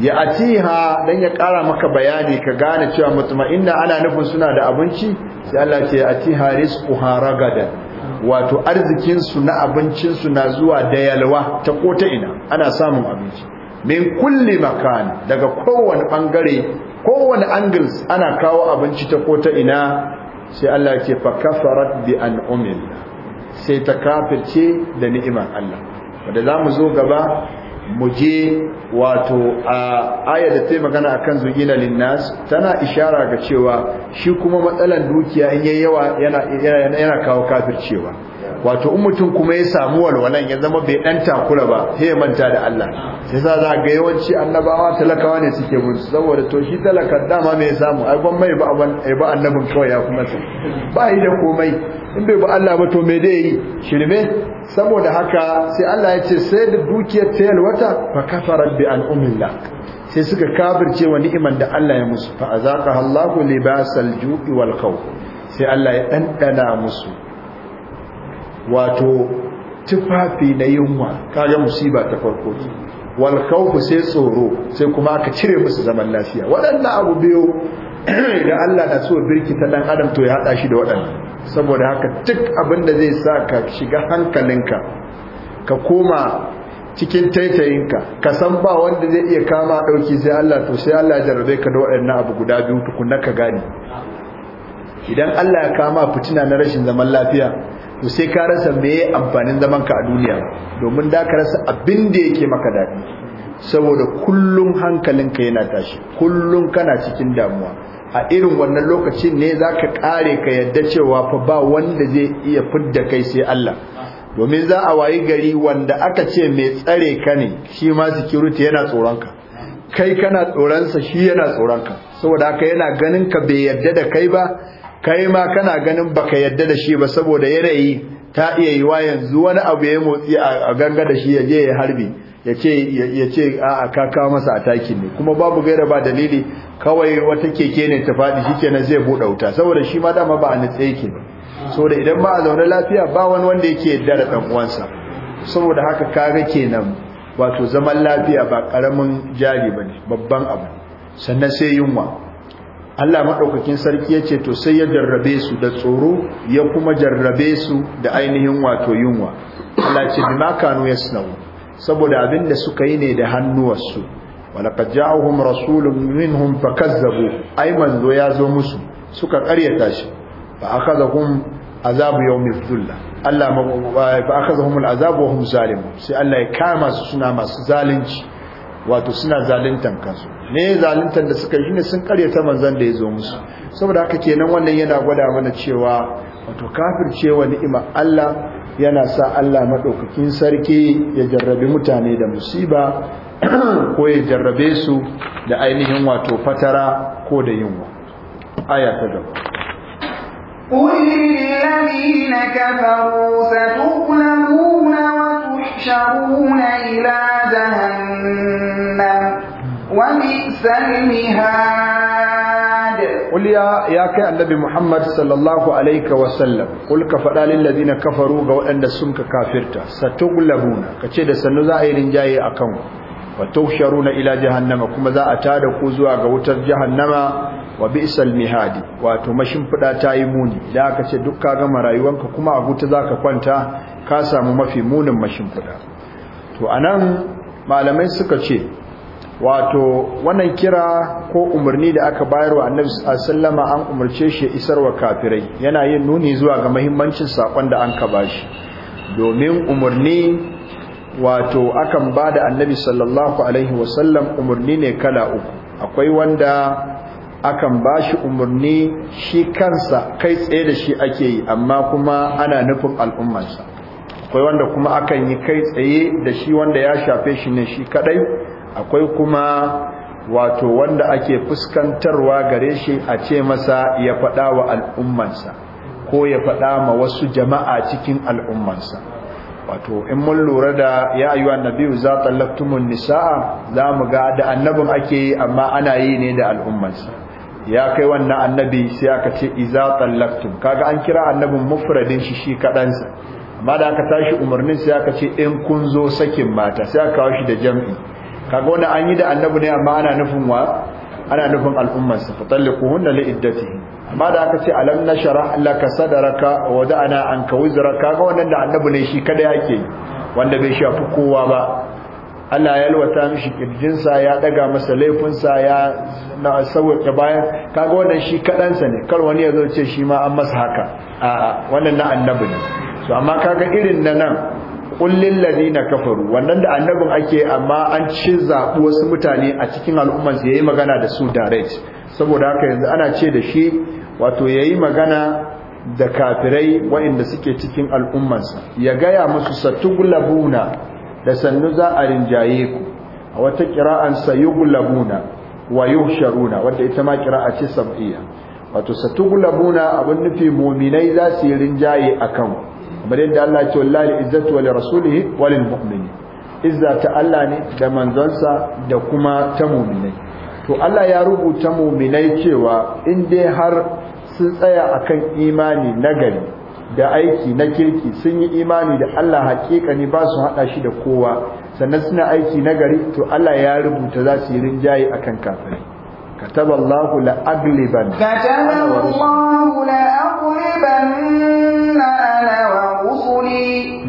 ya atiha dan ya kara maka bayani ka gane cewa mutma'inna ana nufin suna da abinci sai Allah ce ya atiha rizquha ragadan wato arzikin su na abincin su na zuwa da yalwa ta kota ina ana samun abinci min kulli makan daga kowane bangare kowane angles ana kawo abinci ta kota ina sai Allah ya ce fa kafarat bi umil sai ta kafirce da ni'imar Allah wanda zamu zo gaba mu je wato a aya da ta magana akan zugina linnas tana ishara ga cewa shi kuma matsalan dukiya in yayi yawa yana yana kawo kafircewa wato in mutum kuma ya samu walwalan ya zama bai dan takura ba sai ya manta da Allah sai sa za ga yawanci annabawa talakawa ne suke mun saboda to shi talakar dama mai samu ai ban mai ba ba annabin kawai ya kuma sai ba yi da komai in bai ba Allah ba to me dai yi shirme saboda haka sai Allah ya ce sai da dukiyar ta wata fa kafara bi al'umillah sai suka kafirce wa ni'iman da Allah ya musu fa azaqaha Allahu libasal ju'i wal khawf sai Allah ya dandana musu wato tufafi na yunwa kaga musiba ta farko wal khawfu sai tsoro sai kuma aka cire musu zaman lafiya waɗannan abu biyu da Allah na so birki ta dan adam to ya hada shi da waɗannan saboda haka duk abin da zai sa ka shiga hankalinka ka koma cikin taitayinka ka san ba wanda zai iya kama dauki sai Allah to sai Allah ya jarabe ka da waɗannan abu guda biyu tukunna ka gane idan Allah ya kama fitina na rashin zaman lafiya to sai ka rasa me amfanin zaman ka a duniya domin da ka rasa abin da yake maka daɗi saboda kullum hankalinka yana tashi kullum kana cikin damuwa a irin wannan lokacin ne za ka ƙare ka yadda cewa fa ba wanda zai iya fidda kai sai Allah domin za a wayi gari wanda aka ce mai tsare ka ne shi ma security yana tsoronka kai kana tsoron sa shi yana tsoron ka saboda haka yana ganin ka bai yarda da kai ba kai ma kana ganin baka yadda da shi ba saboda yanayi ta iya yi wa yanzu wani abu ya motsi a ganga da shi ya je ya harbi ya ce a ka kawo masa ataki ne kuma babu gaira ba dalili kawai wata keke ne ta faɗi shi kenan zai buɗe wuta saboda shi ma dama ba a nutse yake so idan ba a zaune lafiya ba wani wanda yake yadda da ɗan uwansa saboda haka kaga kenan wato zaman lafiya ba ƙaramin jari ba ne babban abu sannan sai yunwa Allah maɗaukakin sarki ya ce to sai ya jarrabe su da tsoro ya kuma jarrabe su da ainihin wato yunwa Allah ce bima kanu yasnau saboda abin da suka yi ne da hannuwarsu walaqad ja'ahum rasulun minhum fakazzabu ai manzo ya zo musu suka ƙaryata shi fa akhadhahum azab yawmil dhulla Allah fa akhadhahum al'azab wa hum zalimun sai Allah ya kama su suna masu zalunci wato suna zaluntan kansu ne zaluntan da suka yi ne sun ta manzon da ya zo musu saboda haka kenan wannan yana gwada mana cewa wato kafircewa ni'ima Allah yana sa Allah madaukakin sarki ya jarrabe mutane da musiba ko ya jarrabe su da ainihin wato fatara ko da yunwa aya ta gaba قل للذين كفروا ستغلبون وتحشرون إلى جهنم وبئس المهاد قل يا يا كي النبي محمد صلى الله عليه وسلم قل كفدا للذين ga waɗanda sun ka kafirta satuglabuna kace da sannu za a yi rinjaye akan wa tusharuna ila Nama kuma za a tada ku zuwa ga wutar jahannama wa bi'sal mihadi wato mashin fida ta yi muni da aka ce duk ka gama rayuwanka kuma a guta zaka kwanta ka samu mafi munin mashin fida to anan malamai suka ce wato wannan kira ko umarni da aka bayar wa annabi sallama an umarce shi isarwa kafirai yana yin nuni zuwa ga mahimmancin sakon da an ka bashi domin umarni wato akan ba da annabi sallallahu alaihi wasallam umarni ne kala uku akwai wanda akan ba shi umarni shi kansa kai tsaye da shi ake yi amma kuma ana nufin al'ummarsa akwai wanda kuma akan yi kai tsaye da shi wanda ya shafe shi ne shi kadai akwai kuma wato wanda ake fuskantarwa gare shi a ce masa ya faɗa wa al'ummansa ko ya faɗa ma wasu jama'a cikin al'ummansa wato in mun lura da ya wa nabiyu za tallaftumun nisa'a za mu ga da annabin ake yi amma ana yi ne da al'ummansa ya kai wannan annabi sai aka ce iza tallaftum kaga an kira annabin mufradin shi shi kaɗansa amma da aka tashi umarnin sai aka ce in kun zo sakin mata sai aka kawo shi da jam'i kaga wannan an yi da annabi ne amma ana nufin wa ana nufin al'ummar sa li iddati amma da aka ce alam nashrah laka sadraka wa da'ana anka wizraka kaga wannan da annabi ne shi kada yake wanda bai shafi kowa ba Allah ya alwata mishi kirjinsa ya daga masa laifinsa ya na sauke bayan kaga wannan shi kadansa ne kar wani ya zo ce shi ma an masa haka a'a wannan na annabi ne so amma kaga irin na nan kullin na kafaru wannan da annabin ake amma an ci zaɓi wasu mutane a cikin al'ummansa ya yi magana da su direct saboda haka yanzu ana ce da shi wato yayi magana da kafirai waɗanda suke cikin al'ummansa ya gaya musu satugulabuna da sannu za a rinjaye ku a wata kira'an sayugulabuna wa yuhsharuna Wadda ita ma kira'a ce sab'iyya wato satugulabuna abin nufi muminai za su yi rinjaye akan ku kamar yadda Allah ya ce wallahi izzatu wal rasulihi wal mu'mini izza ta Allah ne da manzonsa da kuma ta mu'minai to Allah ya rubuta mu'minai cewa in dai har sun tsaya akan imani nagari da aiki na kirki sun yi imani da Allah hakikani ba su hada shi da kowa sannan suna aiki nagari to Allah ya rubuta za su yi rinjaye akan kafirai كتب الله لأغلبن كتب الله لأغلبن أنا rasuli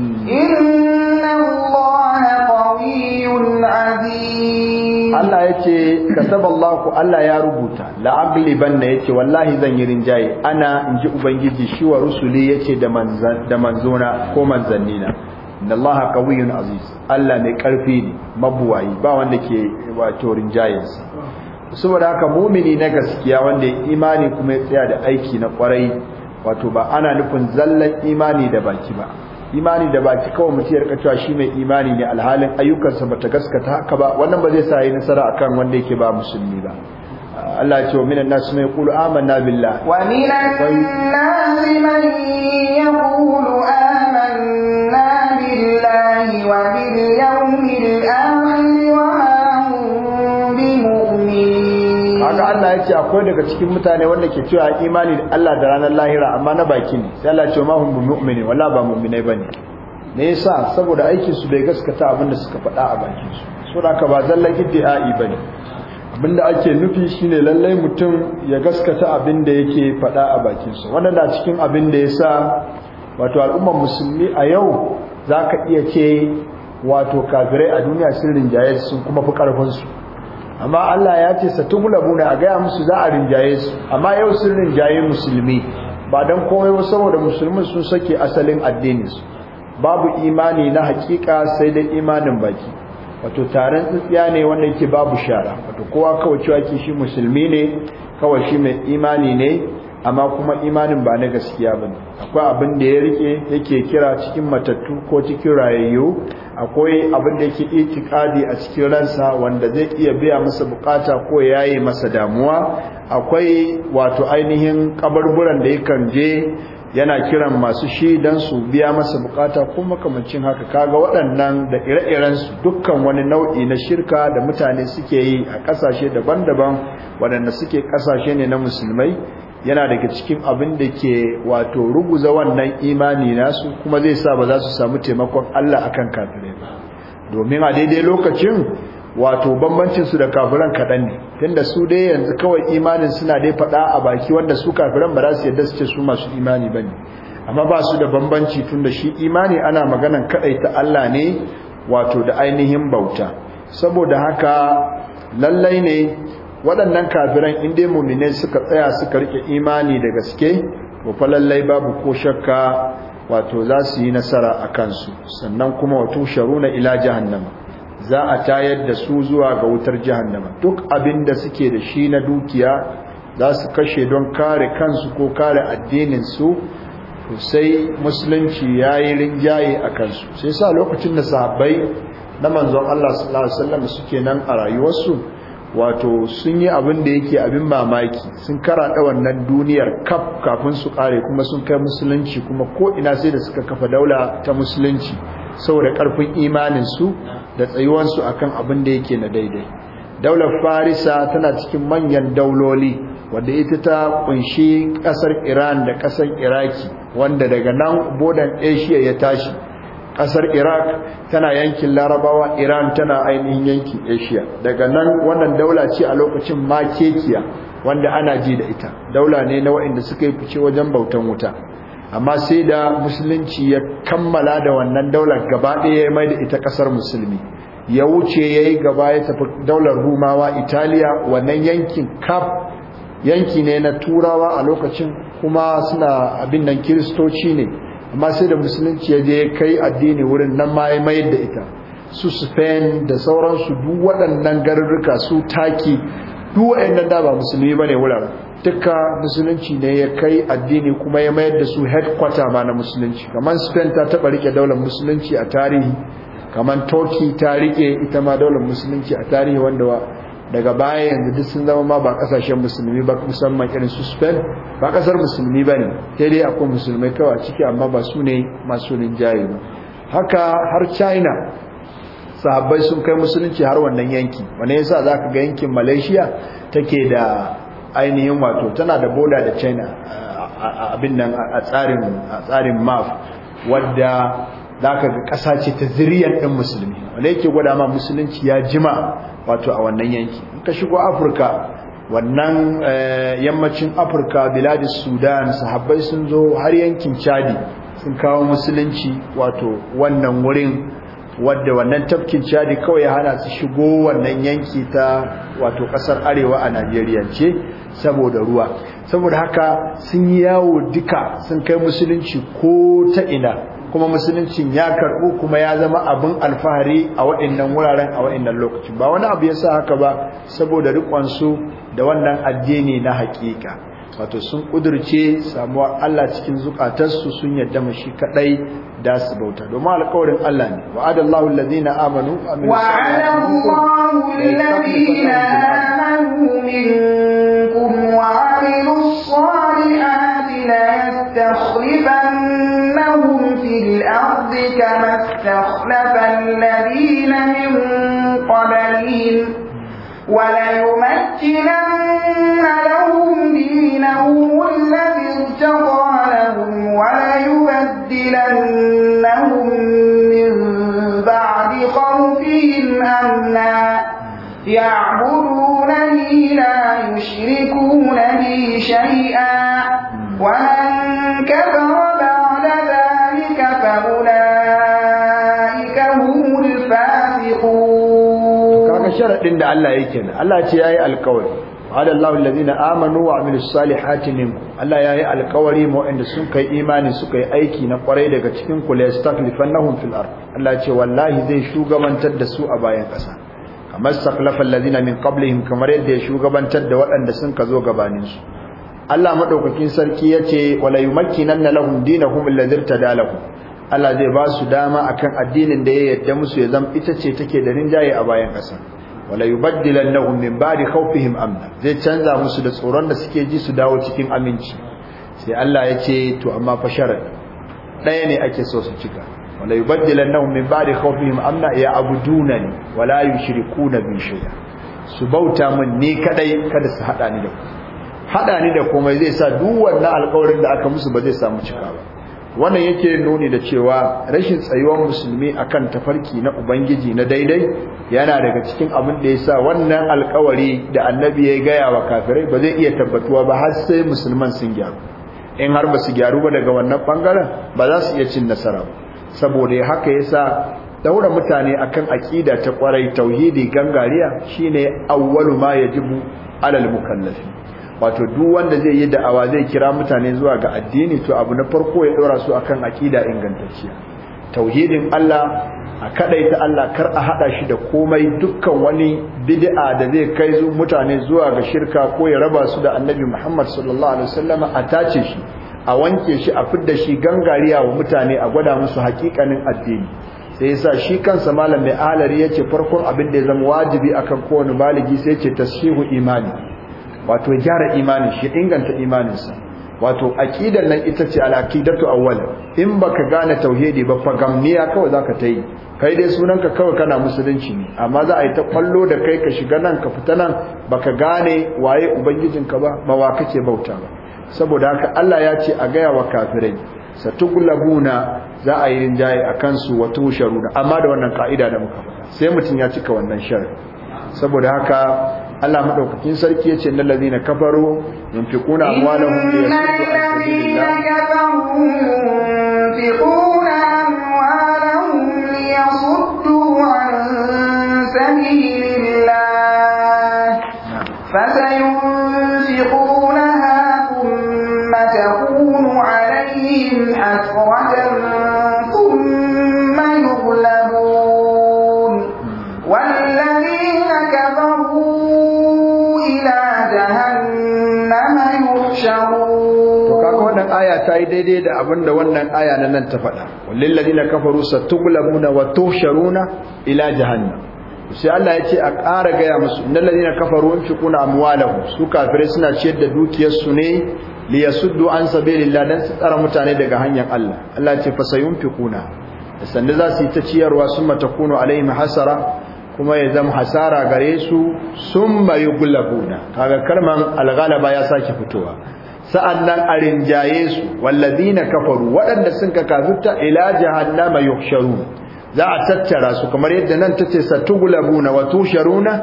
Allah Allah ya rubuta la'agliban ne yace wallahi zan yi rinjaye ana inji ubangiji shi wa rusuli yace da manzan da manzona ko manzannina inna allaha qawiyyun aziz Allah mai karfi ne mabuwayi ba wanda ke wato rinjayensa saboda haka mumini na gaskiya wanda imani kuma ya tsaya da aiki na kwarai wato ba ana nufin zallan imani da baki ba imani da baki kawai mutum ya rika cewa shi mai imani ne alhalin ayyukansa bata gaskata haka ba wannan ba zai sa yi nasara akan wanda yake ba musulmi ba Allah ya ce wa minan nasu mai kulu amanna billah wa minan nasi man yaqulu amanna billahi wa bil yawmil akhir wa Allah ya ce akwai daga cikin mutane wanda ke cewa imani da Allah da ranar lahira amma na baki ne sai Allah ya ce ma hum mu'mini wala ba mu'minai bane me yasa saboda aikin su bai gaskata abin da suka faɗa a bakin su saboda ka ba zallan iddi'ai bane abinda ake nufi shine lallai mutum ya gaskata abin da yake faɗa a bakin su wannan da cikin abin da yasa wato al'ummar musulmi a yau zaka iya ce wato kafirai a duniya sun rinjaye sun kuma fi karfin su amma Allah ya ce buna a gaya musu za a rinjaye su amma yau sun rinjaye musulmi ba don komai ba saboda musulmin sun sake asalin addinin su babu imani na hakika sai da imanin baki wato taron tsitsiya ne wanda yake babu shara wato kowa kawai cewa ke shi musulmi ne kawai shi mai imani ne amma kuma imanin ba na gaskiya ba akwai abin da ya rike yake kira cikin matattu ko cikin rayayyu akwai abin da yake itikadi a cikin ransa wanda zai iya biya masa bukata ko yayi masa damuwa akwai wato ainihin kabarburan da yakan je yana kiran masu shi dan su biya masa bukata ko makamancin haka kaga waɗannan da ire-iren su dukkan wani nau'i na shirka da mutane suke yi a ƙasashe daban-daban waɗanda suke ƙasashe ne na musulmai yana daga cikin abin da ke wato ruguza wannan imani nasu kuma zai sa ba za su samu taimakon Allah akan kafirai ba domin a daidai lokacin wato bambancin su da kafiran kadan ne tunda su dai yanzu kawai imanin suna dai fada a baki wanda su kafiran ba za su yadda su ce su masu imani bane amma ba su da bambanci tunda shi imani ana maganan ta Allah ne wato da ainihin bauta saboda haka lallai ne waɗannan kafiran in dai muminai suka tsaya suka rike imani da gaske to fa babu ko shakka wato za su yi nasara a kansu sannan kuma wato sharuna ila jahannama za a tayar da su zuwa ga wutar jahannama duk abin da suke da shi na dukiya za su kashe don kare kansu ko kare addinin su to sai musulunci yayi rinjaye a kansu sai sa lokacin da sahabbai na manzon Allah sallallahu alaihi wasallam suke nan a rayuwarsu wato sun yi abin da yake abin mamaki sun karaɗa wannan duniyar kaf kafin su ƙare kuma sun kai musulunci kuma ko ina sai da suka kafa daula ta musulunci saboda ƙarfin imaninsu da tsayuwansu akan abin da yake na daidai daular farisa tana cikin manyan dauloli wadda ita ta kunshi ƙasar iran da ƙasar iraki wanda daga nan bodan asia ya tashi kasar iraq tana yankin larabawa iran tana ainihin yankin asia daga nan wannan daula ce a lokacin makekiya wanda ana ji da ita daula ne na waɗanda suka yi fice wajen bautan wuta amma sai da musulunci ya kammala da wannan daular gaba ɗaya ya mai da ita kasar musulmi ya wuce ya yi gaba ya tafi daular rumawa italiya wannan yankin kaf yanki ne na turawa a lokacin kuma suna abin nan kiristoci ne amma sai da musulunci ya je kai addini wurin nan ma ya mayar da ita su spain da sauransu duk waɗannan garurruka su taki duk waɗannan da ba musulmi ba ne wuraren duka musulunci ne ya kai addini kuma ya mayar da su headquarter ma na musulunci kamar spain ta taɓa rike daular musulunci a tarihi kamar turkey ta rike ita ma daular musulunci a tarihi wanda daga baya yanzu duk sun zama ma ba kasashen musulmi ba musamman irin su Spain ba kasar musulmi ba ne sai dai akwai musulmai kawai ciki amma ba su ne masu rinjaye ba haka har China sahabbai sun kai musulunci har wannan yanki wanda yasa zaka ga yankin Malaysia take da ainihin wato tana da boda da China abin nan a tsarin a tsarin map wadda zaka ga kasa ce ta zuriyar ɗin musulmi wanda yake gwada ma musulunci ya jima wato a wannan yanki ka shigo afirka wannan eh, yammacin afirka biladis sudan sahabbai sun zo har yankin chadi sun kawo musulunci wato wannan wurin wadda wannan tafkin chadi kawai ya hana su shigo wannan yanki ta wato kasar arewa a najeriya ce saboda ruwa saboda haka sun yi yawo duka sun kai musulunci ko ta ina kuma musuluncin ya karbu kuma ya zama abin alfahari a waɗannan wuraren a waɗannan lokacin ba wani abu ya sa haka ba saboda riƙonsu da wannan addini na hakika wato sun ƙudurce samuwar Allah cikin zukatarsu sun yadda mashi kaɗai da su bauta domin alƙawarin Allah ne wa'adallahu allazina amanu wa'adallahu amanu minkum wa amilus salihati la الأرض كما استخلف الذين من قبلهم وليمكنن لهم دينهم الذي ارتضى لهم وليبدلنهم من بعد خوفهم أمنا يعبدونني لا يشركون بي شيئا ومن كفر sharaɗin da Allah yake nan Allah ce yayi alƙawari qala Allahu allazina amanu wa amilus salihati minkum Allah yayi alƙawari mu wanda sun kai imani suka yi aiki na kwarai daga cikin ku la yastaklifannahum fil ard Allah ce wallahi zai shugabantar da su a bayan ƙasa kamar saklafa allazina min qablihim kamar yadda ya shugabantar da waɗanda sun ka zo gabanin Allah madaukakin sarki yace wala yumakkinanna lahum dinahum alladhi Allah zai ba su dama akan addinin da ya yarda musu ya zama ita ce take da rinjaye a bayan ƙasa wala yubaddilannahum min ba'di khawfihim amna zai canza musu da tsoron da suke ji su dawo cikin aminci sai Allah ya ce to amma fa sharad. daya ne ake so su cika wala yubaddilannahum min ba'di khawfihim amna ya abudunani wala yushrikuna bi shay'a su bauta min ni kadai kada su hada ni da ku. hada ni da komai zai sa duk wannan alƙawarin da aka musu ba zai samu cikawa wannan yake nuni da cewa rashin tsayuwar musulmi akan tafarki na ubangiji na daidai yana daga cikin abin da yasa wannan alkawari da annabi ya gaya wa kafirai ba zai iya tabbatuwa ba har sai musulman sun gyaru in har ba su gyaru ba daga wannan bangaren ba za su iya cin nasara ba saboda haka yasa daura mutane akan aqida ta kwarai tauhidi gangariya shine awwalu ma yajibu alal mukallafi wato duk wanda zai yi da'awa zai kira mutane zuwa ga addini to abu na farko ya dora su akan akida ingantacciya tauhidin Allah a kadaita Allah kar a hada shi da komai dukkan wani bid'a da zai kai zu mutane zuwa ga shirka ko ya raba su da Annabi Muhammad sallallahu alaihi wasallam a tace shi a wanke shi a fidda shi gangariya wa mutane a gwada musu hakikanin addini sai yasa shi kansa malam mai alari yace farkon abin da ya zama wajibi akan kowane maliki sai ce tashihu imani wato gyara imanin shi inganta imaninsa wato aqidar nan ita ce al-aqidatu awwalan in baka gane tauhidi ba fagamniya kawai zaka ta yi kai dai sunanka kawai kana musulunci ne amma za a yi ta kwallo da kai ka shiga nan ka fita nan baka gane waye ubangijinka ba ba wa kake bauta ba saboda haka Allah ya ce a gaya wa kafirai satughlabuna za a yi rinjaye a kansu wa tusharuna amma da wannan ka'ida da muka faɗa sai mutun ya cika wannan sharri saboda haka Allah madaukakin sarki yace innal ladina kafaru yunfiquna amwalahum liyasuddu an sabilillah aya ta yi daidai da abin da wannan aya na nan ta faɗa wallil ladina kafaru satughlabuna wa tuhsharuna ila jahannam sai Allah ya ce a ƙara gaya musu innal ladina kafaru yunfiquna amwalahum su kafirai suna ciyar da dukiyarsu ne liyasuddu an sabilillah dan su tsara mutane daga hanyar Allah Allah ya ce fasayunfiquna sannan za su yi ta ciyarwa summa takunu alaihim hasara kuma ya zama hasara gare su summa yughlabuna kaga kalman alghalaba ya sake fitowa sa'annan a rinjaye su na kafaru waɗanda sun ka kafirta ila jahannama yuhsharu za a tattara su kamar yadda nan ta ce tace wato sharu na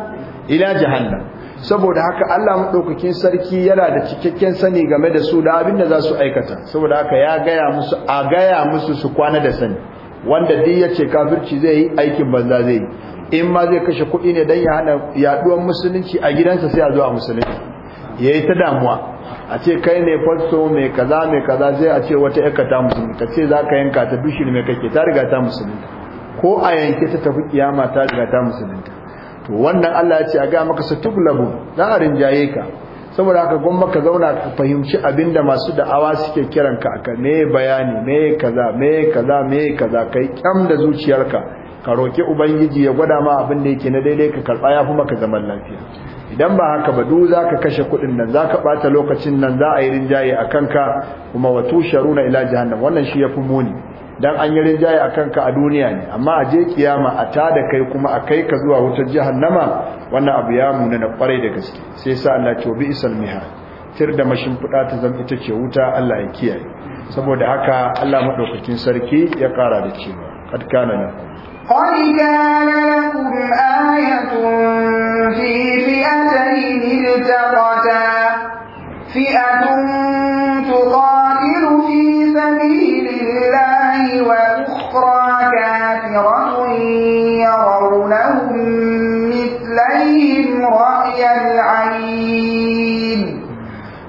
ila jahannam saboda haka Allah ɗaukakin sarki yana da cikakken sani game da su da abin da za su aikata saboda haka ya gaya musu a gaya musu su kwana da sani wanda duk ce kafirci zai yi aikin banza zai yi in ma zai kashe kuɗi ne don ya hana yaduwar musulunci a gidansa sai a zo a musulunci yi ta damuwa a ce kai ne fasto mai kaza mai kaza sai a ce wata yaka ta musulmi ka ce za ka yanka ta bishir mai kake ta riga ta musulmi ko a yanke ta tafi kiyama ta riga ta to wannan Allah ya ce a ga maka satuglabu za a rinjaye ka saboda haka gwamma ka zauna ka fahimci abinda masu da'awa suke kiran ka aka me bayani me kaza me kaza me kaza kai kyam da zuciyarka ka roki ubangiji ya gwada ma abin da yake na daidai ka karba ya fi maka zaman lafiya idan ba haka ba duk zaka kashe kudin nan zaka bata lokacin nan za a yi rinjaye akan ka kuma watu sharuna ila jahannam wannan shi yafi muni dan an yi rinjaye akan ka a duniya ne amma a je kiyama a ta da kai kuma a kai ka zuwa wutar jahannama wannan abu ya muna na kwarai da gaske sai sa Allah ce bi isal miha tir da mashin fuda ta zan ita ce wuta Allah ya kiyaye saboda haka Allah madaukakin sarki ya kara da cewa kad kana na lakum ayatun fi فئتين التقتا فئة تقاتل في سبيل الله وأخرى كافرة يرونهم مثليهم رأي العين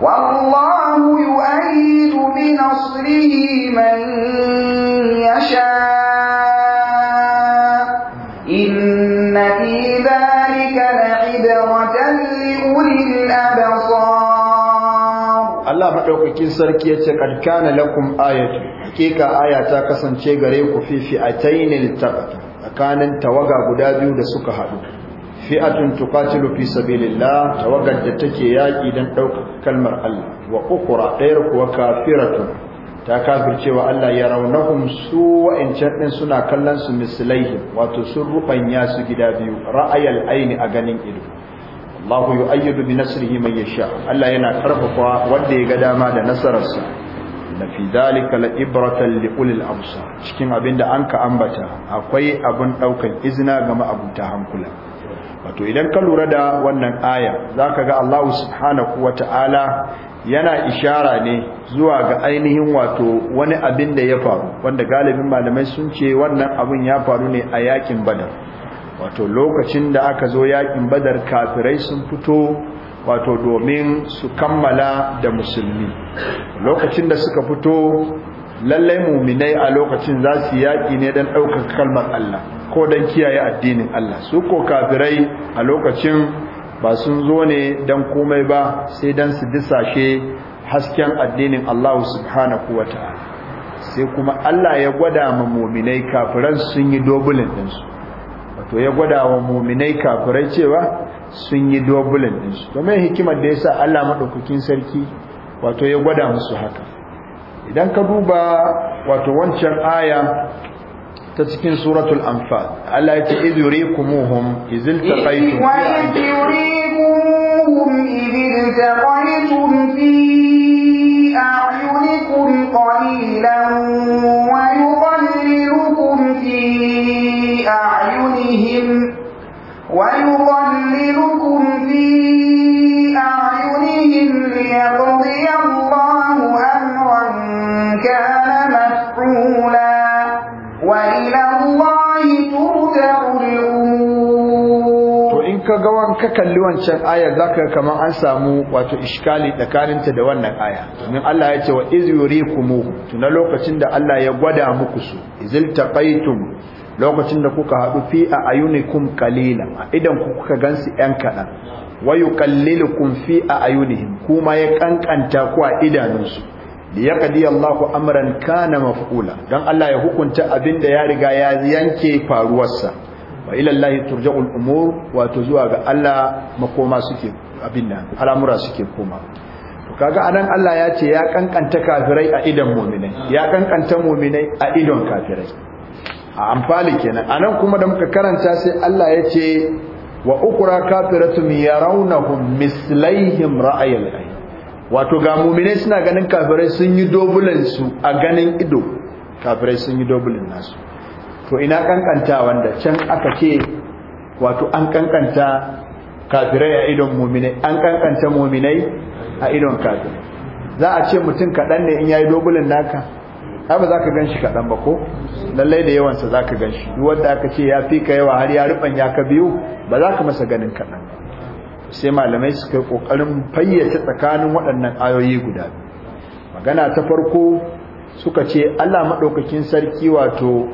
والله يؤيد بنصره من يشاء madaukakin sarki yace kad kana lakum ayatu hakika aya ta kasance gare ku fi fi'atayn iltaqat tsakanin tawaga guda biyu da suka hadu fi'atun tuqatilu fi sabilillah tawagan da take yaki dan daukar kalmar Allah wa ukra dayar kuwa kafiratun ta kafircewa Allah ya raunahum su in din suna kallon su mislaihi wato sun rufanya su gida biyu ra'ayal aini a ganin ido Allahu yu'ayyidu bi nasrihi man yasha Allah yana karfafa wanda ya ga dama da nasararsa na fi dalika la ibratan li ulil absar cikin abinda an ka ambata akwai abun daukan izina ga ma'abuta hankula wato idan ka lura da wannan aya zaka ga Allah subhanahu wata'ala yana ishara ne zuwa ga ainihin wato wani abin da ya faru wanda galibin malamai sun ce wannan abin ya faru ne a yakin badar wato lokacin da aka zo yakin badar kafirai sun fito wato domin su kammala da musulmi lokacin da suka fito lallai muminai a lokacin za su yaƙi ne don ɗaukar kalmar Allah ko don kiyaye addinin Allah su ko kafirai a lokacin ba sun zo ne don komai ba sai don su disashe hasken addinin Allah subhanahu wa ta'ala sai kuma Allah ya gwada ma muminai kafiran sun yi dobulin ɗinsu to ya gwada wa muminai kafirai cewa sun yi dobulin dinsu to mai hikimar da ya sa Allah maɗaukakin sarki wato ya gwada musu haka idan ka duba wato wancan aya ta cikin suratul anfal Allah ya ce idh yurikumuhum idh izil wa idh fi a'yunikum qalilan ويضللكم في أعينهم ليقضي الله أمرا كان مفعولا وإلى الله ترجع ka wanka kalli wancan aya za ka kamar an samu wato iskali tsakaninta da wannan aya domin Allah ya ce wa iz yurikumu tun lokacin da Allah ya gwada muku su izil taqaitum lokacin da kuka haɗu fi a ayunikum kalilan idan kuka gansu ‘yan kaɗan wayu kallilukum fi a ayunihim kuma ya ƙanƙanta ku a idanunsu da ya ƙadi Allah amran kana maf'ula don Allah ya hukunta abin da ya riga ya yanke faruwarsa wa ilallahi turja'ul umur wato zuwa ga Allah makoma suke abin nan al'amura suke koma kaga anan Allah ya ce ya kankanta kafirai a idon mu'minai ya kankanta mu'minai a idon kafirai a amfali kenan anan kuma da muka karanta sai Allah ya ce wa ukura kafiratum yarawnahum mislaihim ra'ayil ayn wato ga mu'mine suna ganin kafirai sun yi dobulan su a ganin ido kafirai sun yi dobulan nasu to ina kankanta wanda can aka ce wato an kankanta kafirai a idon mu'mine an kankanta mu'mine a idon kafirai za a ce mutum kaɗan ne in yayi dobulan naka ai ba za ka gan shi kaɗan ba ko lallai da yawansa za ka gan shi duk aka ce ya fi ka yawa har ya ya ka biyu ba za ka masa ganin kaɗan sai malamai suka yi ƙoƙarin fayyace tsakanin waɗannan ayoyi guda magana ta farko suka ce Allah maɗaukakin sarki wato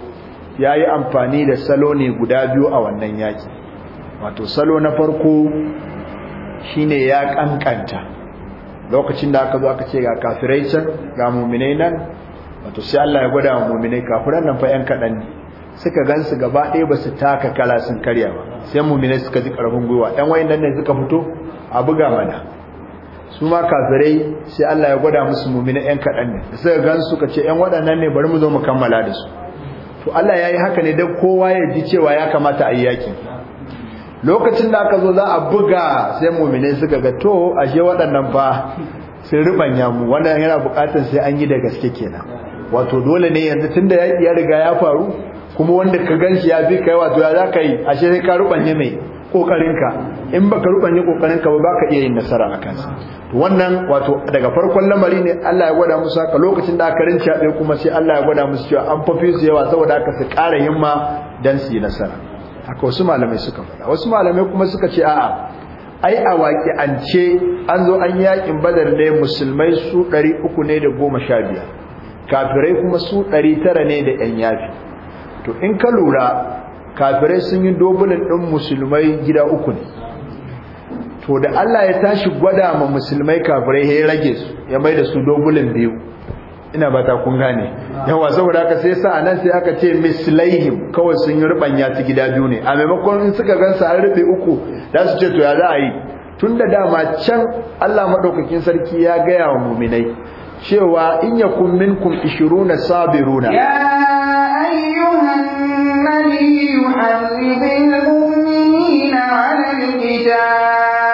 ya yi amfani da salo ne guda biyu a wannan yaki. wato salo na farko shine ya ƙanƙanta lokacin da aka zo aka ce ga kafirai can ga muminai nan wato sai Allah ya gwada wa mu'minai kafiran nan fa yan kadan ne suka gansu gaba ɗaya ba su taka kala sun karya ba sai mu'minai suka ji karfin gwiwa ɗan wayin nan ne suka fito a buga mana su ma kafirai sai Allah ya gwada musu mu'minai yan kadan ne suka gansu ka ce yan waɗannan ne bari mu zo mu kammala da su to Allah ya yi haka ne don kowa ya ji cewa ya kamata a yi yakin lokacin da aka zo za a buga sai muminai suka ga to ashe waɗannan fa sun ribanya mu wannan yana buƙatar sai an yi da gaske kenan wato dole ne yanzu tun da ya riga ya faru kuma wanda ka gan shi ya fi kai wato ya za ka yi a sai ka rubanye mai kokarinka in ba baka rubanye kokarinka ba ka iya yin nasara a kansa wannan wato daga farkon lamari ne Allah ya gwada musu haka lokacin da aka rinci abe kuma sai Allah ya gwada musu cewa an fafi su yawa saboda haka su ƙara himma dan su yi nasara haka wasu malamai suka faɗa wasu malamai kuma suka ce a'a ai a ce an zo an yakin badar ne musulmai su ɗari uku ne da goma sha biyar kafirai kuma su 900 ne da yan yafi to in ka lura kafirai sun yi dobulin ɗin musulmai gida uku ne to da Allah ya tashi gwada ma musulmai kafirai ya rage su ya mai da su dobulin biyu ina ba ta kun gane yawa saboda haka sai sa anan sai aka ce mislaihim kawai sun yi rubanya ta gida biyu ne a maimakon in suka gansa an rufe uku za su ce to ya za a yi tun da dama can Allah madaukakin sarki ya gaya wa muminai cewa in yakun minkum 20 sabiruna ya ayyuhan nabiyyu harridil mu'minina 'alal qital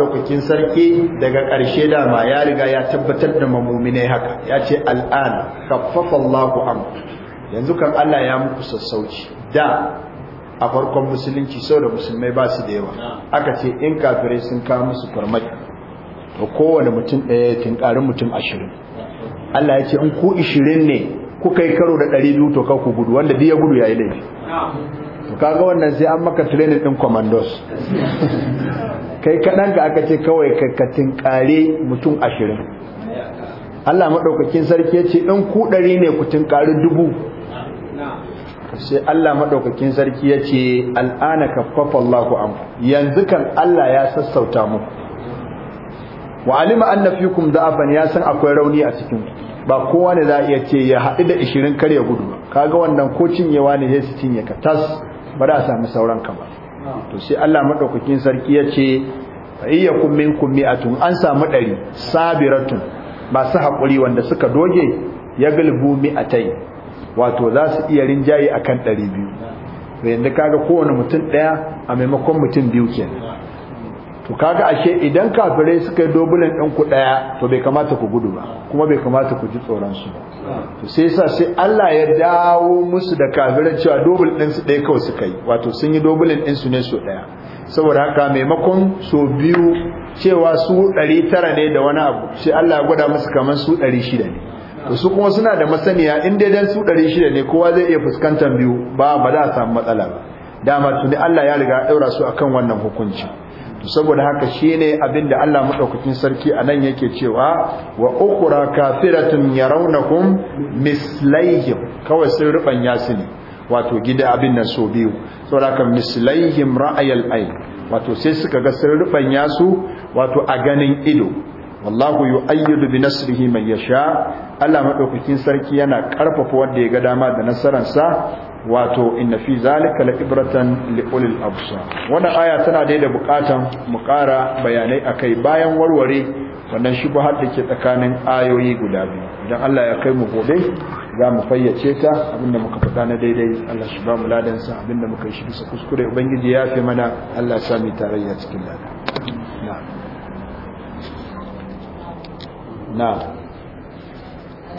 madaukakin sarki daga ƙarshe dama ya riga ya tabbatar da mamuminai haka ya ce al'an kaffafa Allahu an yanzu kan Allah ya muku sassauci da a farkon musulunci sau da musulmai ba su da yawa aka ce in kafirai sun kawo musu farmaki to kowane mutum ɗaya ya tinkarin mutum ashirin Allah ya ce in ku ishirin ne kuka yi karo da ɗari biyu to ku gudu wanda duk ya gudu ya yi laifi to kaga wannan sai an maka training ɗin commandos kai kaɗan ka aka ce kawai kakkatin kare mutum ashirin Allah maɗaukakin sarki ya ce ɗan ku ne ku tunkari dubu sai Allah maɗaukakin sarki ya ce al'ana kaffafa Allah ku amu. yanzu kan Allah ya sassauta mu wa alima anna da ya san akwai rauni a cikin ba kowa ne za a iya ce ya haɗu da ishirin kar ya gudu kaga wannan ko cinyewa ne sai su cinye ka tas ba za a sami sauran ka ba to sai Allah madaukakin sarki ya ce ayyakum minkum mi'atun an samu ɗari sabiratun masu hakuri wanda suka doge ya galbu mi'atai wato za su iya rinjaye akan ɗari biyu yanzu kaga kowane mutum ɗaya a maimakon mutum biyu kenan to kaga ashe idan kafirai suka yi dobulan ɗin ku ɗaya to bai kamata ku gudu ba kuma bai kamata ku ji tsoron su to sai yasa sai Allah ya dawo musu da kafirai cewa dobul ɗin su ɗaya kawai suka yi wato sun yi dobulan ɗin su ne su ɗaya saboda haka maimakon so biyu cewa su ɗari tara ne da wani abu sai Allah ya gwada musu kamar su ɗari shida ne to su kuma suna da masaniya in dai dan su ɗari shida ne kowa zai iya fuskantar biyu ba ba za a samu matsala ba dama tuni Allah ya riga ya ɗaura su akan wannan hukuncin. saboda haka shine ne abinda Allah madaukakin sarki a anan yake cewa wa ukura kafiratun yarawnakum mislaihim kawai sun rubanya su ne wato gida abin nan so biyu saboda haka mislaihim ra'ayal ayn wato sai suka ga sun rubanya yasu wato a ganin ido wallahu yu'ayyidu bi nasrihi man yasha Allah madaukakin sarki yana ƙarfafa wanda ya ga dama da nasararsa wato inna fi zalika la ibratan li ulil absar wannan aya tana da bukatan mu kara bayanai akai bayan warware wannan shubhar da ke tsakanin ayoyi guda biyu idan Allah ya kai mu gobe za mu fayyace ta abinda muka faɗa na daidai Allah shi ba mu ladan abinda muka yi shi bisa kuskure ubangiji ya fi mana Allah ya sami tarayya cikin lada na'am na'am